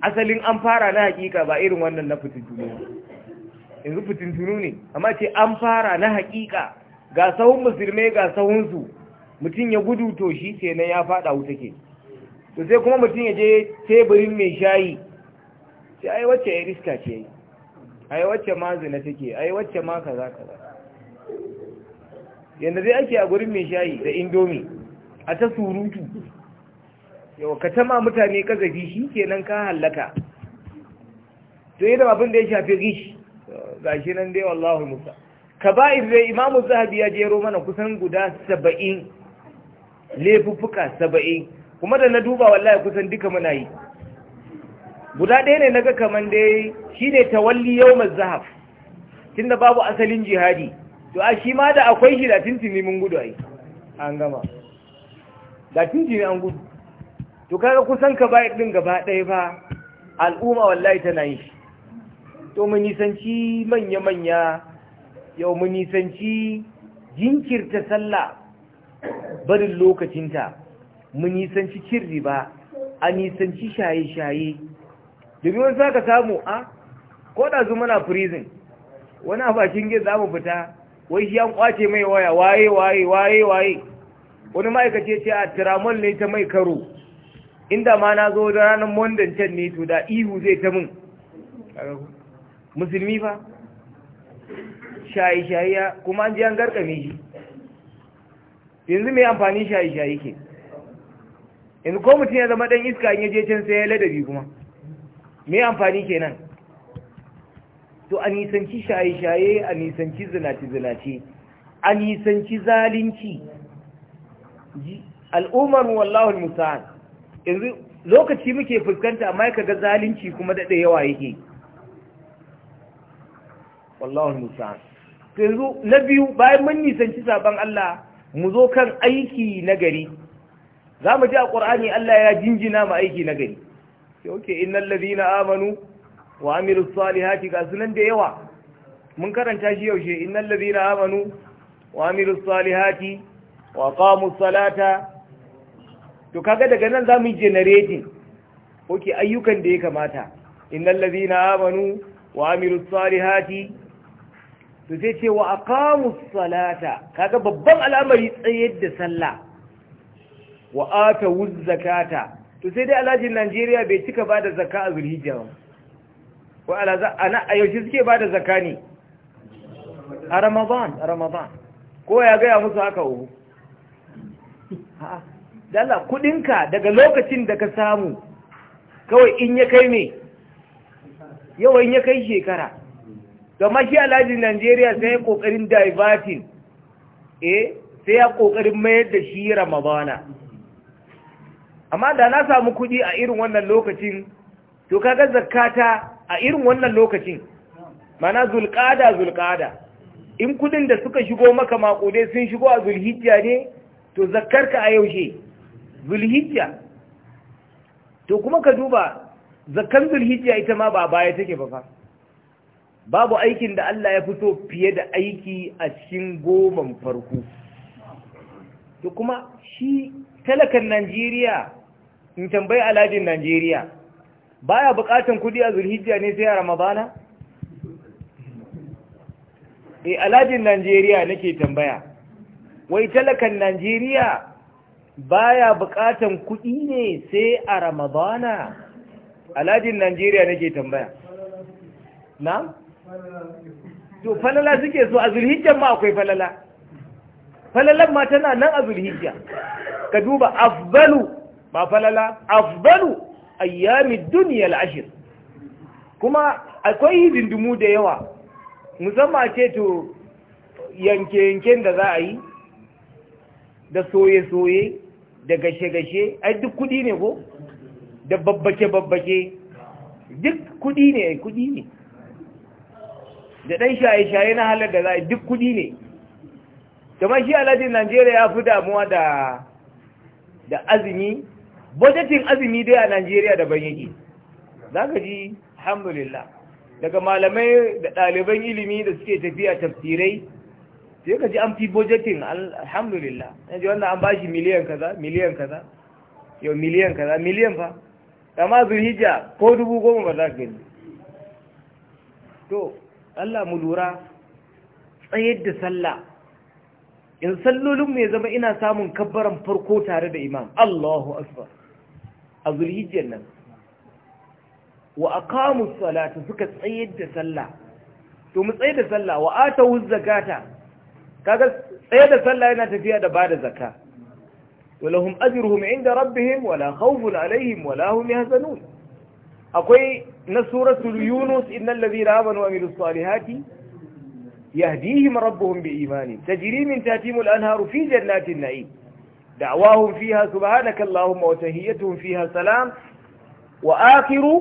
asalin an fara na hakika ba irin wannan na fitin duniya yanzu fitintunu ne amma ce an fara na haƙiƙa ga sahun musulmai ga sahunsu mutum ya gudu to shi ce nan ya faɗa wuta ke to sai kuma mutum ya je teburin mai shayi ce ai wacce ya riska ce ai wacce ma zina take ai wacce ma kaza kaza yanda zai ake a gurin mai shayi da indomi a ta surutu yau ka tama mutane kazafi shi kenan ka hallaka to yi da abin da ya shafi gishi gashi nan dai wallahu musa kaba'ir dai imamu zahabi ya jero mana kusan guda saba'in laifuffuka saba'in kuma da na duba wallahi kusan duka muna yi guda ɗaya ne na ga kaman dai shi ne tawalli yau mazahaf Tunda babu asalin jihadi to a shi ma da akwai shi da tuntuni mun gudu ai an gama da tuntuni an gudu to kaga kusan kaba'ir din gaba ɗaya fa al'umma wallahi tana yi shi to mun nisanci manya-manya yau mu nisanci jinkirta sallah barin lokacinta mu nisanci cin riba a nisanci shaye-shaye domin wasu ka samu a koda zu mana prison wani a bakin za mu fita wai shi an kwace mai waya waye waye waye waye wani ma'aikace ce a tiramon ne ta mai karo inda ma na zo da ranar mondan can ne to da ihu zai ta mun musulmi fa shayi-shayi kuma an ji an garkame shi yanzu mai amfani shayi-shayi ke yanzu ko mutum ya zama ɗan iska in yaje can sai ya ladabi kuma mai amfani ke nan? to a nisanci shaye-shaye a nisanci zinace-zinace a nisanci zalunci al'ummar wallahun musa'an yanzu lokaci muke fuskanta amma ya ga zalunci kuma daɗe yawa yake wallahu musa to yanzu na biyu bayan mun nisanci saban Allah mu zo kan aiki nagari za mu ji a ƙur'ani Allah ya jinjina mu aiki nagari yauke innal ladina amanu wa amilus salihati ga sunan da yawa mun karanta shi yaushe innal ladina amanu wa amilus salihati wa kamu salata to kaga daga nan za mu yi generating ke ayyukan da ya kamata innal ladina amanu wa amilus salihati to sai ce wa aqamu salata kaga babban al'amari tsayar da sallah wa atu zakata to sai dai alhajin Najeriya bai cika bada zakka a zulhijja ba ko alaza ana shi suke bada zakka ne a Ramadan a Ramadan ko ya ga ya musu haka uhu dala kudinka daga lokacin da ka samu kawai in ya kai me yawan ya kai shekara gama shi alhaji najeriya sai ya kokarin divertin eh sai ya kokarin mayar da shi ramadana amma da na samu kudi a irin wannan lokacin to kaga zakata a irin wannan lokacin mana zulqada zulqada in kudin da suka shigo maka makode sun shigo a zulhijja ne to ka a yaushe zulhijja to kuma ka duba zakkan zulhijja ita ma ba baya take ba fa babu aikin da Allah ya fito fiye da aiki a cikin goman farko da kuma shi talakan Najeriya in tambayi alajin Najeriya baya bukatan kudi a zulhijja ne sai a ramadana e eh, alajin Najeriya nake tambaya wai talakan Najeriya baya bukatan kudi ne sai a ramadana alajin Najeriya nake tambaya na'am to falala suke so a zulhijjan ma akwai falala falalan ma tana nan a zulhijja ka duba afbalu ba falala afbalu ayyami duniya ashir kuma akwai dindimu da yawa musamman ce to yanke-yanken da za a yi da soye-soye da gashe-gashe ai duk kudi ne ko da babbake-babbake duk kudi ne kudi ne da ɗan shaye-shaye na halar da za a duk kuɗi ne kamar shi alhajin najeriya ya fi damuwa da da azumi budgeting azumi dai a najeriya da ban yake za ka ji alhamdulillah daga malamai da ɗaliban ilimi da suke tafiya tafsirai sai ka ji an fi bojetin alhamdulillah ji wannan an bashi miliyan kaza miliyan kaza yau miliyan kaza miliyan fa kama zulhijja ko dubu goma ba za ka gani to Allah mu lura tsayar da sallah in sallolin mai zama ina samun kabbaran farko tare da imam Allahu akbar a zulhijjar nan wa a aqamu salata suka tsayar da sallah to mu tsayar da sallah wa a ta atu zakata kaga tsayar da sallah yana tafiya da ba da zakka walahum ajruhum inda rabbihim wala khawfun alaihim wala hum yahzanun akwai نسورة اليونس إن الذين آمنوا وعملوا الصالحات يهديهم ربهم بإيمان تجري من تاتهم الأنهار في جنات النعيم دعواهم فيها سبحانك اللهم وتهيتهم فيها سلام وآخر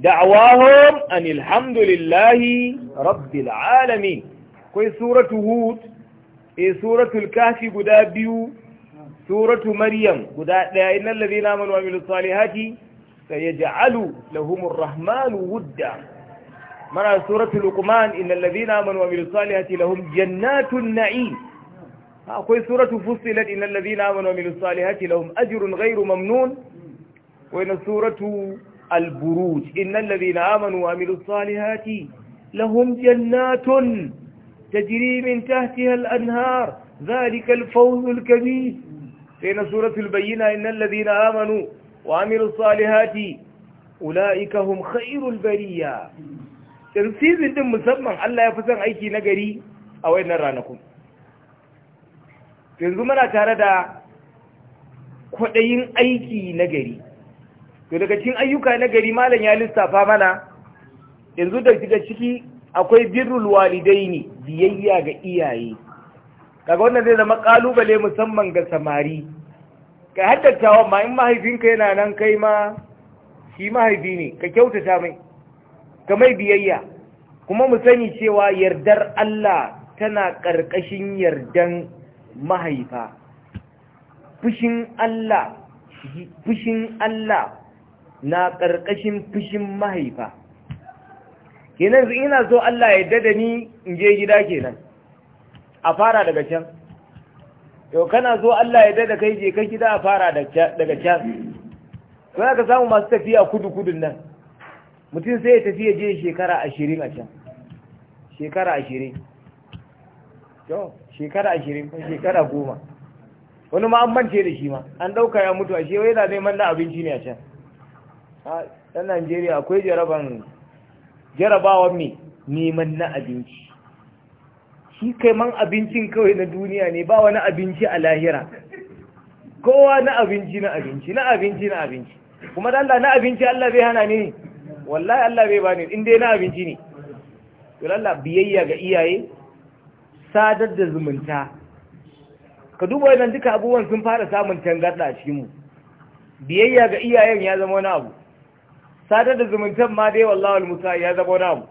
دعواهم أن الحمد لله رب العالمين كوي سورة هود إيه سورة الكهف قدا سورة مريم قدا إن الذين آمنوا وعملوا الصالحات سيجعل لهم الرحمن ودا مرة سورة لقمان إن الذين آمنوا وعملوا الصالحات لهم جنات النعيم آه، أقول سورة فصلت إن الذين آمنوا وعملوا الصالحات لهم أجر غير ممنون وإن سورة البروج إن الذين آمنوا وعملوا الصالحات لهم جنات تجري من تحتها الأنهار ذلك الفوز الكبير فإن سورة البينة إن الذين آمنوا وعملوا الصالحات أولئك هم خير البرية ترسيزن دم مسمم الله يفسن أيكي نقري أو إن رانكم yanzu muna tare da kwaɗayin aiki na gari to daga cikin ayyuka na gari malam ya lissafa mana yanzu daga ciki akwai birrul walidaini biyayya ga iyaye kaga wannan zai zama kalubale musamman ga samari ka haddatawan ma in mahaifinka yana nan kai ma shi mahaifi ne ka kyautata mai ka mai biyayya kuma mu sani cewa yardar Allah tana ƙarƙashin yardan mahaifa fushin Allah fushin Allah na ƙarƙashin fushin mahaifa kenan ina so Allah ya dada ni in je gida kenan a fara daga can yau kana zo Allah ya da kai je ka gida a fara daga can sai ka samu masu tafiya kudu kudun nan mutum sai ya tafi ya je shekara ashirin a can shekara ashirin to shekara ashirin ko shekara goma wani ma an mance da shi ma an ɗauka ya mutu ashe wai yana neman na abinci ne a can a ɗan Najeriya akwai jaraban jarabawan mai neman na abinci shi kai man abincin kawai na duniya ne ba wani abinci a lahira kowa na abinci na abinci na abinci na abinci kuma da Allah na abinci Allah bai hana ni wallahi Allah bai bani in dai na abinci ne to Allah biyayya ga iyaye sadar da zumunta ka duba wannan duka abubuwan sun fara samun tangarda a cikin mu biyayya ga iyayen ya zama wani abu sadar da zumuntan ma dai wallahi almusa ya zama wani abu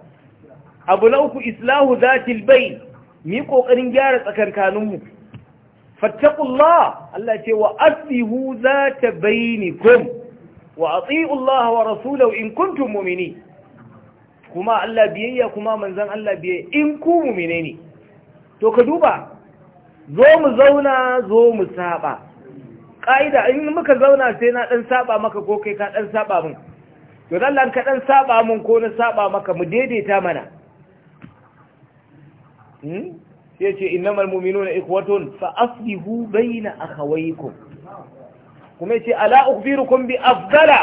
abu na uku islahu zatil bai mu yi ƙoƙarin gyara tsakankaninmu fattakullah Allah ce wa aslihu za ta bainikum wa Allah wa rasulau in kuntum mumini kuma Allah biyayya kuma manzan Allah biyayya in ku mumine ne to ka duba zo mu zauna zo mu saba ƙa'ida in muka zauna sai na ɗan saba maka ko kai ka ɗan saba min to Allah ka ɗan saba min ko na saba maka mu daidaita mana Hmm? sai ce innamal mu'minuna ikhwatun fa aslihu baina akhawaykum kuma yace ala ukhbirukum bi afdala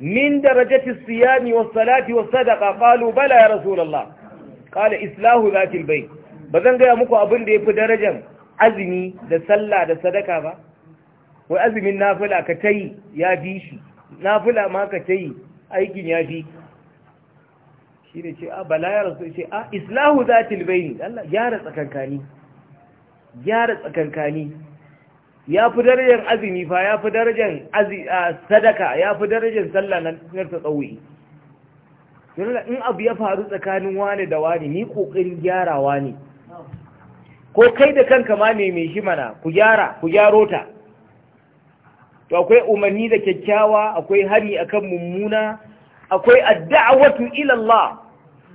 min darajati siyami was-salati was-sadaqa qalu bala ya rasulullah qala islahu zati al-bayt bazan gaya muku abin da yafi darajan azumi da sallah da sadaka ba wai azumin nafila ka yi ya bi shi nafila ma ka yi, aikin ya bi shi ne ce a ah, bala ya rasu ce a ah, islahu zatil bayni Allah gyara tsakankani gyara tsakankani ya fi darajar azumi fa ya fi darajar sadaka ya fi darajar sallah na ta yi. in abu ya faru tsakanin wani da wani ni kokarin gyarawa ne ko kai da kanka ma ne mai shi mana ku gyara ku gyaro ta to akwai umarni da kyakkyawa akwai hari akan mummuna akwai adda'awatu ila Allah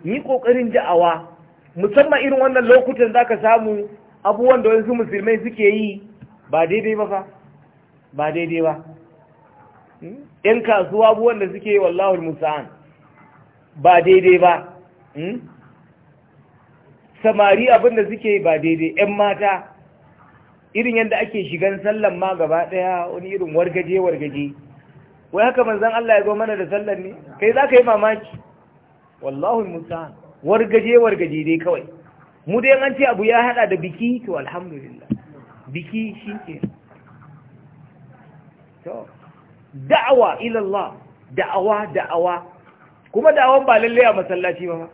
yi ƙoƙarin ja'awa musamman irin wannan lokutan za ka samu abubuwan da wasu musulmai suke yi ba daidai ba fa ba daidai ba ‘yan kasuwa abubuwan da suke yi wallahul musa'an ba daidai ba hmm? samari abin da suke yi ba daidai ‘yan mata irin yadda ake shigan sallan ma gaba ɗaya wani irin wargaje-wargaje wai haka manzan Allah ya zo mana da sallan ne kai za ka yi mamaki wallahu musta'an wargaje wargaje dai kawai mu dai an ce abu ya hada da biki to alhamdulillah biki shike to da'awa ila Allah da'awa da'awa kuma da'awan ba lalle a masallaci ba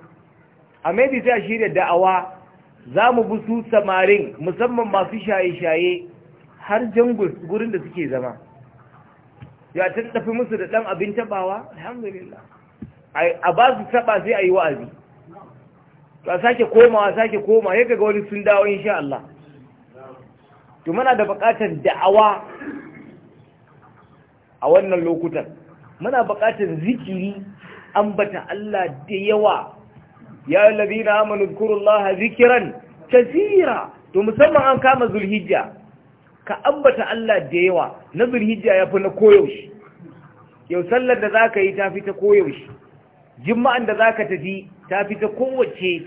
a maybe sai a shirya da'awa za mu bi samarin musamman masu shaye-shaye har jan gurin da suke zama ya tattafi musu da ɗan abin tabawa alhamdulillah a ba su saba sai a yi wa'azi ka sake komawa sake koma ya kaga wani sun dawo insha Allah to muna da bukatar da'awa a wannan lokutan muna bukatar zikiri ambata Allah da yawa ya allazina amanu zkurullaha zikran kaseera to musamman an kama zulhijja ka ambata Allah da yawa na zulhijja yafi na koyaushe yau sallar da zaka yi ta fi ta koyaushe juma'an da za ka tafi ta fi ta kowace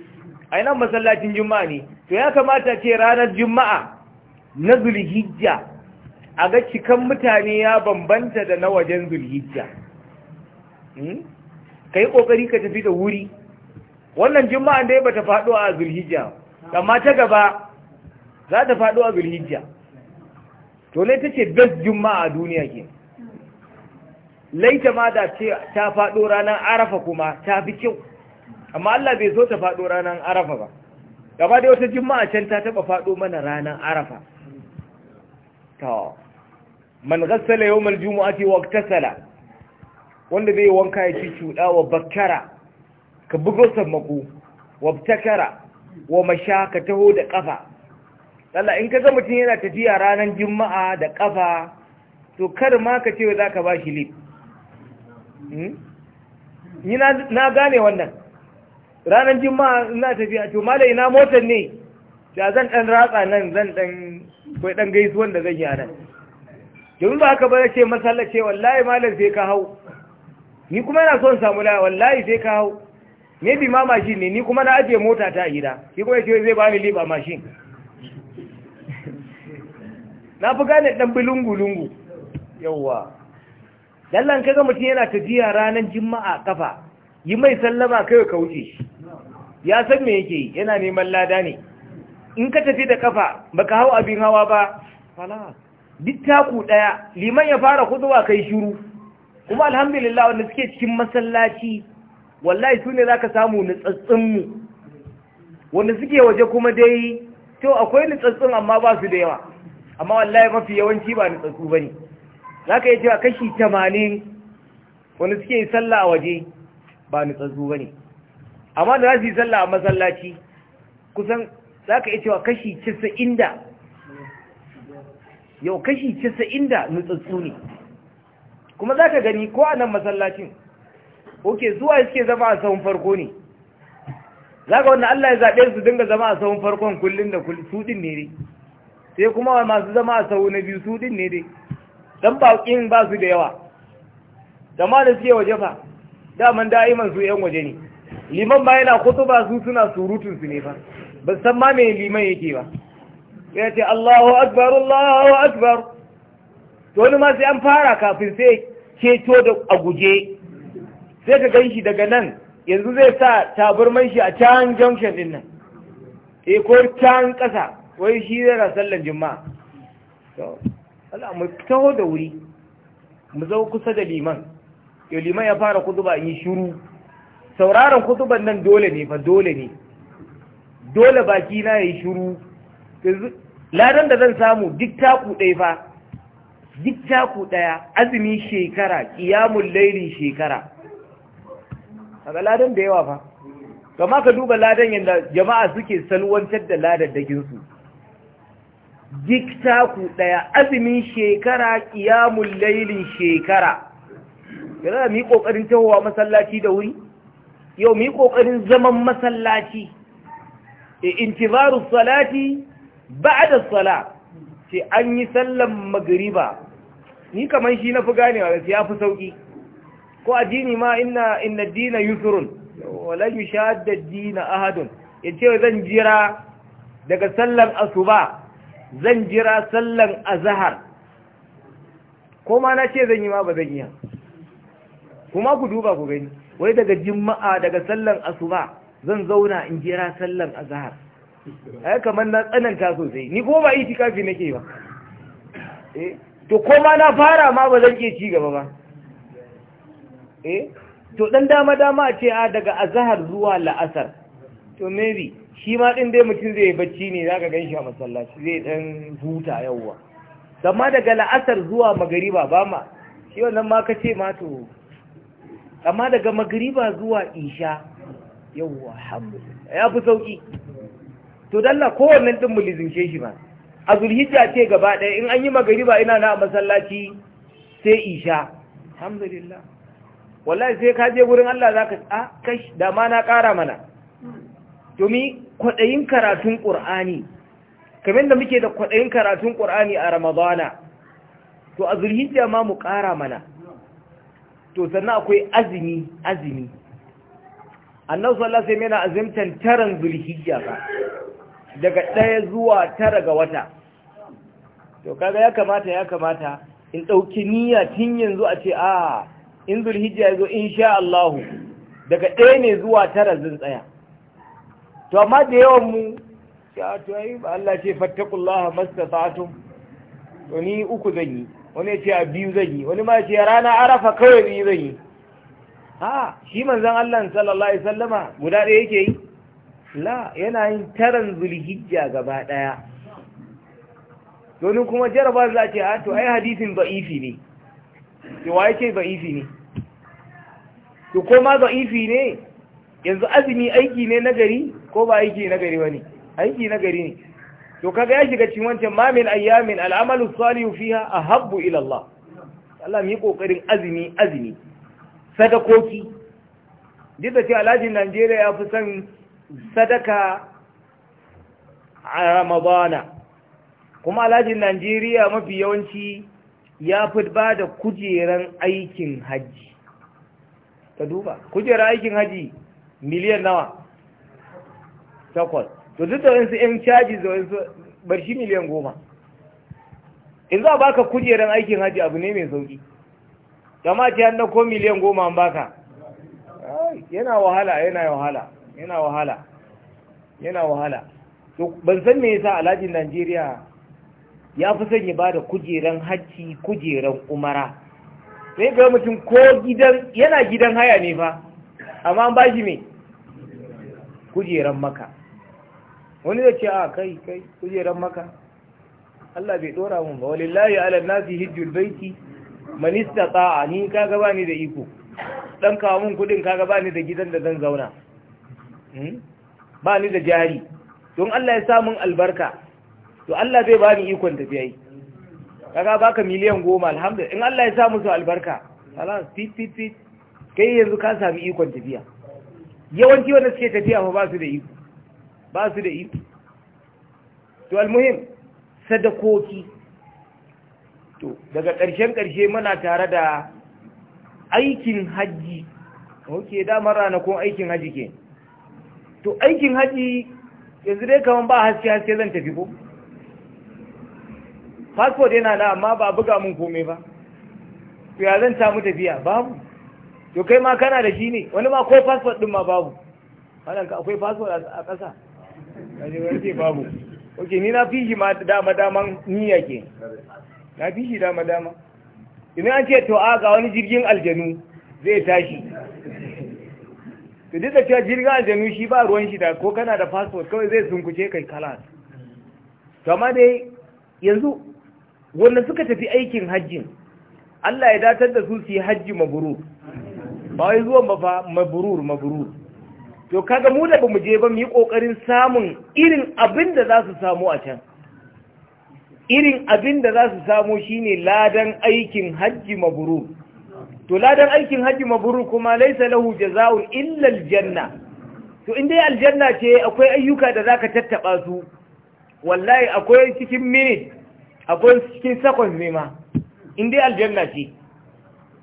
a nan masallacin juma'a ne to ya kamata ce ranar juma'a na zulhijja a ga cikan mutane ya bambanta da na wajen zulhijja hmm? ka yi ƙoƙari ka tafi da wuri wannan juma'an dai ba ta faɗo a zulhijja amma ta gaba za ta faɗo a zulhijja to ne ta ce best juma'a a duniya ke laita ma da ce ta faɗo ranar arafa kuma ta fi kyau amma Allah bai zo ta faɗo ranar arafa ba gaba da wata juma'a can ta taɓa faɗo mana ranar arafa ta man gassala yau mal juma'ati wa tasala wanda zai wanka ya ci cuɗa wa bakkara ka bugo sammako wa takara wa masha ka taho da ƙafa Allah in ka ga mutum yana tafiya ranar juma'a da ƙafa to kar ma ka ce za ka ba shi lif Hmm? ni na gane wannan ranar juma'a ina tafiya to malai ina motar ne da zan dan ratsa nan zan dan kai dan gaisuwan da zan yi a nan domin ba haka ba ce masallace wallahi malam sai ka hau ni kuma yana son samu laya wallahi sai ka hau ne bi ma mashin ne ni kuma na ajiye mota ta a gida shi kuma ce zai bani liba mashin na fi gane dan bulungu lungu yawwa dallan kaga mutum yana tafiya ranar juma'a kafa yi mai sallama kai ka wuce shi ya san me yake yana neman lada ne in ka tafi da kafa baka hau abin hawa ba fala ɗaya daya liman ya fara kuduwa kai shiru kuma alhamdulillah wanda suke cikin masallaci wallahi sune zaka samu nutsatsin mu wanda suke waje kuma dai to akwai nutsatsin amma ba su da yawa amma wallahi mafi yawanci ba nutsatsu bane za ka yi cewa kashi tamanin wani suke yi sallah a waje ba nutsatsu ba ne amma da za su yi sallah a masallaci kusan za ka yi cewa kashi casa'in da yau kashi casa'in da nutsatsu ne kuma za ka gani ko a nan masallacin oke zuwa suke zama a sahun farko ne za ka wanda Allah ya zaɓe su dinga zama a sahun farkon kullum da kullum su ɗin ne dai sai kuma masu zama a sahu na biyu su ɗin ne dai dan bakin ba su da yawa dama da suke waje fa daman da'iman su yan waje ne liman ba yana ba su suna surutun su ne ba, ba san ma me liman yake ba ya ce Allahu akbar Allahu akbar to wani ma sai an fara kafin sai keto da a guje sai ka ganshi daga nan yanzu zai sa taburman shi a can junction din nan eh ko can kasa wai shi zai na sallan juma'a Allah mu taho da wuri mu zo kusa da liman yau liman ya fara kutuba in yi shiru sauraron kutuban nan dole ne fa dole ne dole baki na yi shiru ladan da zan samu duk taku ɗaya fa duk taku daya azumi shekara qiyamul laili shekara kaga ladan da yawa fa kama ka duba ladan yadda jama'a suke salwantar da ladan su. duk taku ɗaya azumin shekara ƙiyamun lailin shekara yana mu yi ƙoƙarin tahowa masallaci da wuri yau mu yi ƙoƙarin zaman masallaci E intibaru salati ba'da sala ce an yi sallan magriba ni kaman shi na fi ganewa da ya fi sauƙi ko addini ma inna inna dina yusrun wala yushadda dina ahadun yace zan jira daga sallan asuba zan jira sallan azahar ko ma na ce zan yi ma ba zan yi kuma ku duba ku gani wai daga juma'a daga sallan asuba zan zauna in jira sallan azahar ai kamar na tsananta sosai ni ko ba kafi nake ba eh to ko ma na fara ma ba zan iya ci gaba ba eh to dan dama dama a ce a daga azahar zuwa la'asar to maybe shi ma ɗin dai mutum zai bacci ne za ka gan shi a masallaci zai ɗan huta yawwa zama daga la'asar zuwa magariba ba ma shi wannan ma ka ce mato amma daga magariba zuwa isha yawwa alhamdulillah ya fi sauki to dalla kowannan ɗin mu lizince shi ma a zulhijja ce gaba ɗaya in an yi magariba ina na a masallaci sai isha alhamdulillah wallahi sai ka je wurin Allah zaka a ah, da ma na ƙara mana domin kwaɗayin karatun ƙur'ani kamar da muke da kwaɗayin karatun ƙur'ani a ramadana to a zulhijja ma mu ƙara mana to sannan akwai azumi azumi annan su allah sai yana azumtan taran zulhijja ba daga ɗaya zuwa tara ga wata to kaga ya kamata ya kamata in ɗauki niyya tun yanzu a ce a in zulhijja ya zo sha Allah daga ɗaya ne zuwa tara zin tsaya to amma da yawan mu ya to ba Allah ce fattakullaha mastata'tum to ni uku zan yi wani ce a biyu zan yi wani ma ce rana arafa kawai biyu zan yi ha shi manzon Allah sallallahu alaihi wasallama guda ɗaya yake yi la yana yin taran zulhijja gaba ɗaya ni kuma jarabar za ce a to ai hadisin ba'ifi ne to wa yake ba'ifi ne to ko ma ba'ifi ne yanzu azumi aiki ne na gari ko ba aiki na gari wani, aiki na gari ne to kaga ya shiga cikin wancan ma min ayyamin al'amalu salihu fiha ahabbu ila Allah Allah mu kokarin azumi azumi sadakoki duk da cewa alhajin Najeriya ya fi son sadaka a Ramadana kuma alhajin Najeriya mafi yawanci ya fi ba da kujeran aikin hajji ka duba kujerar aikin hajji miliyan nawa takwas to duk da wasu yan caji da wasu bar shi miliyan goma in za a baka kujerar aikin haji abu ne mai sauki kama ce an ko miliyan goma an baka yana wahala yana wahala yana wahala yana wahala to ban san me yasa alhajin Najeriya ya fi sanya ba bada kujerar haji kujerar umara sai ga mutum ko gidan yana gidan haya ne fa amma an bashi mai Kujerar maka wani zai ce a ah, kai kai kujeran maka Allah bai dora mun ba walillahi ala nasi hijjul baiti man istata'a ni kaga bani da iko dan kawo mun kudin kaga bani da gidan da zan zauna hmm? bani da jari don Allah ya sa mun albarka to Allah zai bani ikon tafiya kaga baka miliyan goma alhamdulillah in Allah ya sa musu albarka halas fit fit fit kai yanzu ka sami ikon tafiya yawanci wanda suke tafiya fa ba su da iko ba su da iko to almuhim sadakoki to daga ƙarshen ƙarshe muna tare da aikin hajji ok damar ranakun aikin hajji ke to aikin hajji yanzu dai kaman ba haske haske zan tafi ko passport yana na amma ba buga mun komai ba to ya zan samu tafiya babu to kai ma kana da shi ne wani ma akwai passport din ma babu wannan akwai passport a ƙasa ce babu ok ni na fi shi ma dama daman niyya ke na fi shi dama dama idan an ce to a ga wani jirgin aljanu zai tashi to duk da cewa jirgin aljanu shi ba ruwan shi da ko kana da passport kawai zai sunkuce kai kala to amma dai yanzu wanda suka tafi aikin hajjin Allah ya datar da su su yi hajji mabrur ba wai zuwan ba fa mabrur mabrur to kaga mu da bamu je ba mu yi kokarin samun irin abin da za su samu a can irin abin da za su samu shine ladan aikin hajji maburu to ladan aikin hajji maburu kuma laisa lahu jazaa'un illa aljanna to in dai aljanna ce akwai ayyuka da zaka tattaba su wallahi akwai cikin minute akwai cikin seconds ne ma in dai aljanna ce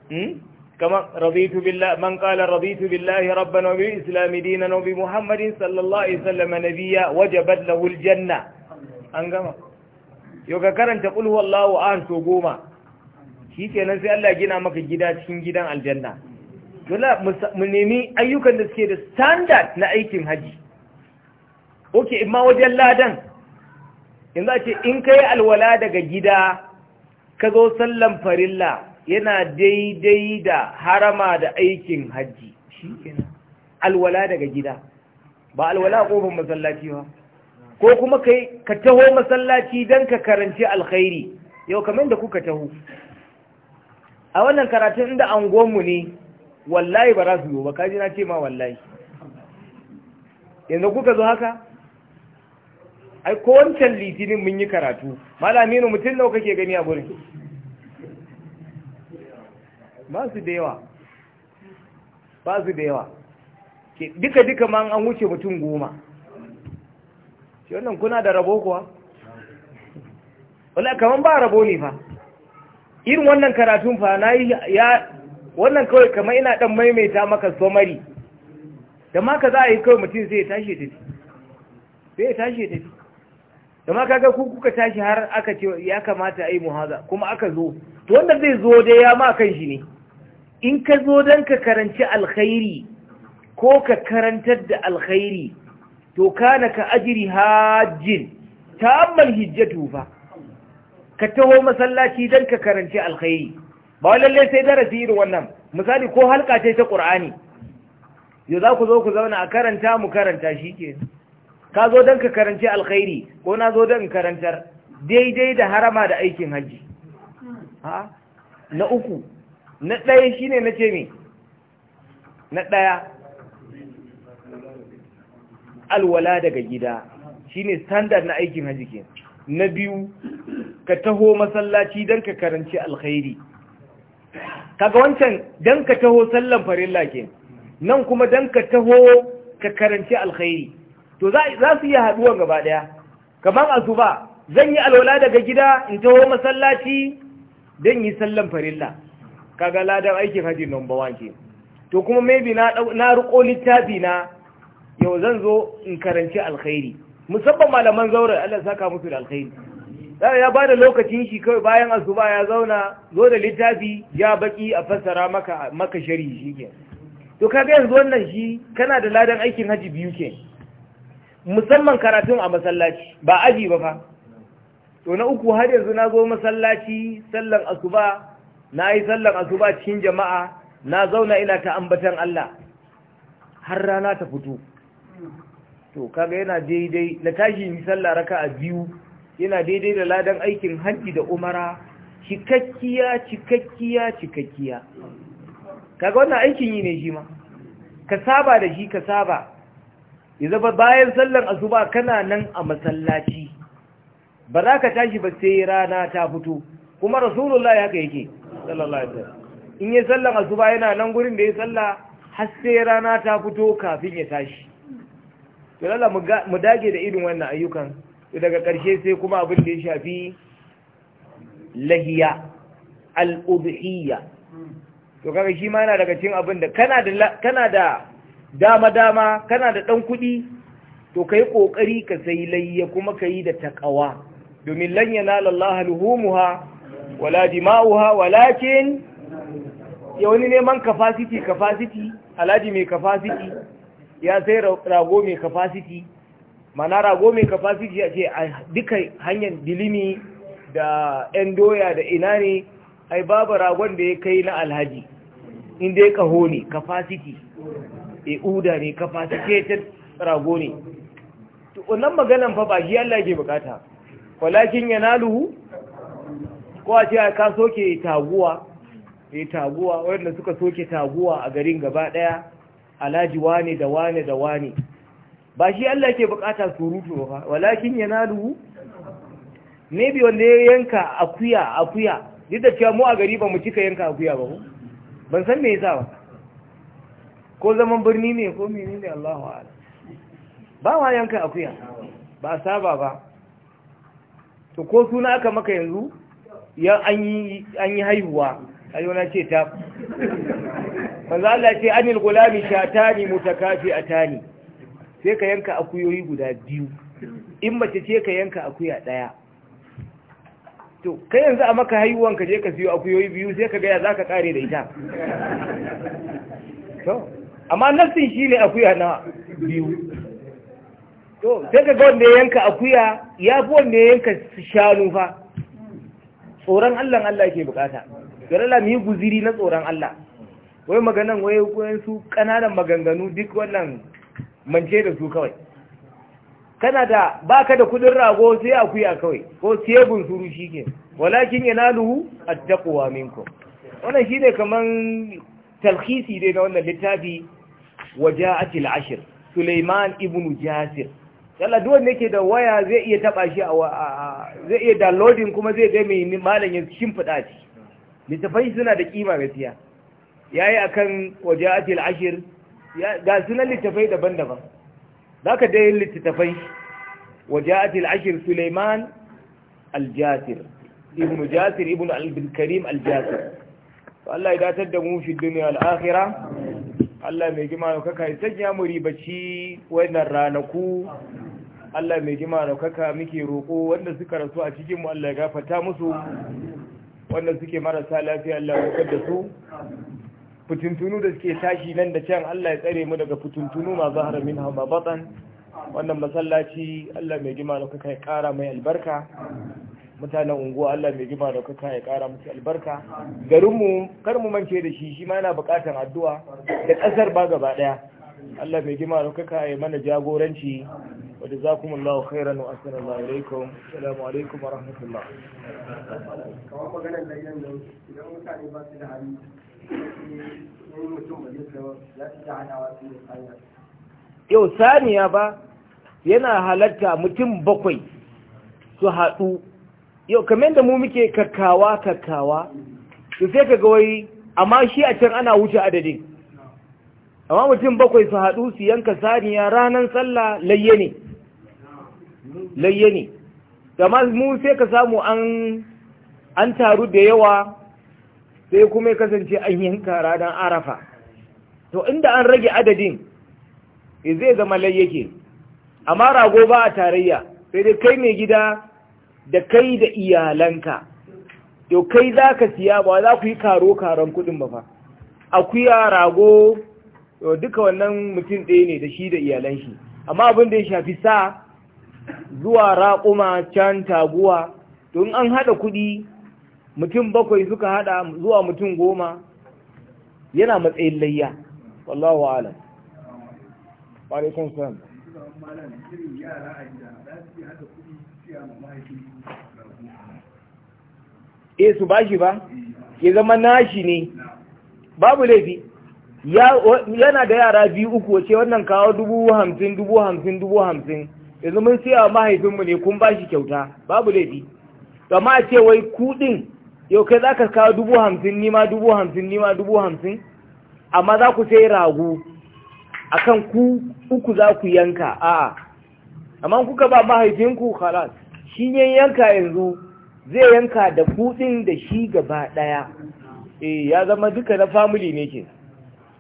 hmm? كما رضيت بالله من قال رضيت بالله ربا وبالإسلام دينا وبمحمد صلى الله عليه وسلم نبيا وجبت له الجنة أنقما يوكا كرن تقول هو الله آن سوقوما كيكي نسي الله جنا مك جدا تشين جدا الجنة يولا منيمي أيوكا نسكي دا ستاندات نأيكم هجي أوكي إما وجه الله دن إن ذا إن كي الولا دقا جدا كذو سلم فرلا yana daidai da harama da aikin hajji shi alwala daga gida ba alwala kofin masallaci ba ko kuma kai ka taho masallaci don ka karanci alkhairi yau kamar da kuka taho a wannan karatun inda an gomu ne wallahi ba za su yi ba kaji na ce ma wallahi yanzu kuka zo haka ai ko wancan litinin mun yi karatu malaminu mutum nawa kake gani a gurin ba su da yawa ba su da yawa duka-duka ma an wuce mutum goma shi wannan kuna da rabo kuwa wala kaman ba rabo ne fa irin wannan karatun fa na yi ya wannan kawai kamar ina dan maimaita maka somari da ma ka za a yi kawai mutum zai tashi tafi zai tashi tafi da ma kaga ku kuka tashi har aka ce ya kamata a yi muhaza kuma aka zo to wanda zai zo dai ya ma kan shi ne in ka zo don ka karanci alkhairi ko ka karantar da alkhairi to na ka ajiri hajjin ta amman hijjatu fa ka taho masallaci don ka karanci alkhairi ba lallai sai darasi irin wannan misali ko halka ce ta ƙur'ani yau za ku zo ku zauna a karanta mu karanta shi ke ka zo don ka karanci alkhairi ko na zo don karantar daidai da harama da aikin hajji na uku na ɗaya shi ne na ce mi na ɗaya alwala daga gida shi ne standard na aikin hajjikin na biyu ka taho masallaci don ka karanci alkhairi kaga wancan don ka taho sallan farilla ke nan kuma don ka taho ka karanci alkhairi to za su yi haɗuwa gaba ɗaya kamar asuba zan yi alwala daga gida in taho masallaci don yi sallan farilla kaga ladan aikin haji number one to kuma maybe na na riko littafi na yau zan zo in karanci alkhairi musamman malaman zaure Allah saka musu da alkhairi sai ya bada lokacin shi kawai bayan asuba ya zauna zo da littafi ya baki a fassara maka maka shi ke to kaga yanzu wannan shi kana da ladan aikin haji biyu ke musamman karatun a masallaci ba aji ba fa to na uku har yanzu na zo masallaci sallan asuba na yi sallan asuba cikin jama'a na zauna ina ta ambatan Allah har rana ta fito to kaga yana daidai na tashi yi raka a biyu yana daidai da ladan aikin haji da umara cikakkiya cikakkiya cikakkiya kaga wannan aikin yi ne shi ma ka saba da shi ka saba ya zaba bayan sallar asuba kana nan a masallaci ba za ka tashi ba sai rana ta fito kuma rasulullahi haka yake sallallahu in ya sallan asuba yana nan gurin da ya salla har sai rana ta fito kafin ya tashi to lalla mu dage da irin wannan ayyukan to daga ƙarshe sai kuma abin da ya shafi lahiya al-udhiyya to kaga shi ma yana daga cikin abin da kana da kana dama dama kana da ɗan kuɗi to kai kokari ka sai layya kuma ka yi da takawa domin lan yanala wala dima'uha walakin ya wani neman kafasiti kafasiti alaji mai kafasiti ya sai rago mai kafasiti mana rago mai kafasiti ya ce a duka hanyar dilimi da yan doya da ina ne ai babu ragon da ya kai na alhaji inda ya kaho ne kafasiti e uda ne kafasitated rago ne wannan maganan fa ba shi Allah ke bukata walakin yanaluhu ko a ce ka soke taguwa ya eh, taguwa wanda suka soke taguwa a garin gaba daya alaji wane da wane da wane ba shi Allah ke bukata surutu ba walakin Ne bi wanda ya yanka akuya akuya duk da cewa mu a gari ba mu cika yanka akuya ba ban san me yasa ba ko zaman birni ne ko menene Allahu a'ala ba wa yanka akuya ba saba ba to ko suna aka maka yanzu ya an yi haihuwa yi wani ce ta manzo Allah ce anil gulami shatani mutakafi atani sai ka yanka akuyoyi guda biyu in mace ce ka yanka akuya daya to kai yanzu a maka haihuwan ka je ka siyo akuyoyi biyu sai ka ga ya zaka kare da ita to amma nassin shine akuya na biyu to sai ka ga wanda yanka akuya ya fi wanda yanka shanu fa tsoron Allah Allah ke bukata gara la mu guziri na tsoron Allah wai maganan wai koyan su kananan maganganu duk wannan mance da su kawai kana da baka da kudin rago sai akuya kawai ko tebun suru shike walakin yanaluhu attaqwa minkum wannan shine kaman talkhisi dai na wannan littafi waja'atil ashir Suleiman ibn Jasir yalla duk wanda yake da waya zai iya taba shi a zai iya downloading kuma zai ga mai malam ya shimfida shi litafai suna da kima gaskiya yayi akan waja'atil ashir ga sunan litafai daban-daban zaka dai littafai waja'atil ashir Sulaiman al-Jasir ibn Jasir ibn al-Karim al-Jasir Allah ya datar da mu fi dunya al-akhirah Allah mai gima da kaka sanya mu ribaci wannan ranaku Allah mai gima da kaka muke roƙo wanda suka rasu a cikin mu Allah ya gafarta musu wanda suke marasa lafiya Allah ya da su fitintunu da suke tashi nan da can Allah ya tsare mu daga fitintunu ma zahara min ma wannan masallaci Allah mai gima da kaka ya kara mai albarka mutanen unguwa Allah mai jima da kuka ya kara musu albarka garinmu kar mu mance da shi shi ma yana bukatar addu'a da kasar ba gaba daya Allah mai jima da kuka ya mana jagoranci wa jazakumullahu khairan wa assalamu alaikum assalamu alaikum wa rahmatullah kawai maganar da yan nan idan mutane ba su da hali mutum yau saniya ba yana halatta mutum bakwai su haɗu yau kamar da mu muke kakawa-kakawa, to sai ka ga wai amma shi a can ana wuce adadin amma mutum bakwai su haɗu su yanka saniya ranar sallah layye ne layye ne amma mu sai ka samu an taru da yawa sai kuma ya kasance an yanka ranar arafa to inda an rage adadin eh, zai zama layyake amma rago ba a tarayya sai dai kai mai gida da kai da iyalanka yau kai za ka siya ba za ku yi karo-karon kudin ba fa akuya rago duka wannan mutum ɗaya ne da shi da iyalan shi amma abin da ya shafi sa zuwa raƙuma can taguwa don an haɗa kuɗi mutum bakwai suka haɗa zuwa mutum goma yana matsayin layya wallahu alam wa yara a gida haɗa siya ma eh su bashi ba ya zama nashi ne babu laifi yana da yara biyu uku wace wannan kawo dubu hamsin dubu hamsin dubu hamsin ya zama sai a mahaifinmu ne kun bashi kyauta babu laifi amma a ce wai kuɗin yau kai za ka kawo dubu hamsin nima dubu hamsin nima dubu hamsin amma za ku sai ragu akan ku uku za ku yanka A. amma kuka ba mahaifinku halas shi yanka yanzu zai yanka da kudin da shi gaba daya eh ya zama duka na family ne ke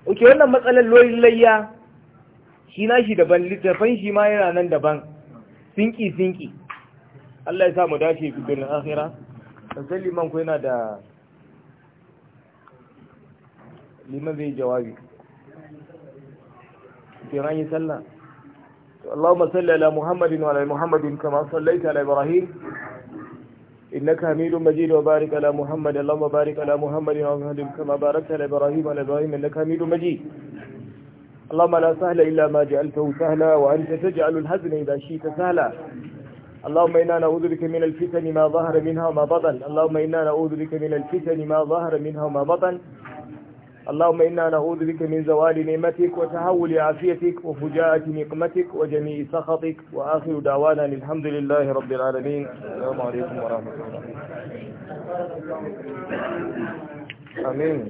oke wannan matsalar lallaiya? shi na shi daban littafan shi ma yana nan daban sinki sinki Allah ya sa mu dace bidon akhira sai liman ko yana da liman zai jawabi kiran yi sallah اللهم صل على محمد وعلى محمد كما صليت على إبراهيم إنك حميد مجيد وبارك على محمد اللهم بارك على محمد وعلى كما باركت على إبراهيم وعلى إبراهيم إنك حميد مجيد اللهم لا سهل إلا ما جعلته سهلا وأنت تجعل الحزن إذا شئت سهلا اللهم إنا نعوذ بك من الفتن ما ظهر منها وما بطن اللهم إنا نعوذ بك من الفتن ما ظهر منها وما بطن اللهم إنا نعوذ بك من زوال نعمتك وتهول عافيتك وفجاءة نقمتك وجميع سخطك وآخر دعوانا الحمد لله رب العالمين السلام عليكم ورحمة الله آمين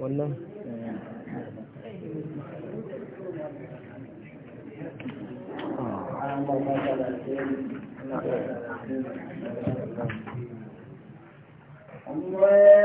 والله Amen.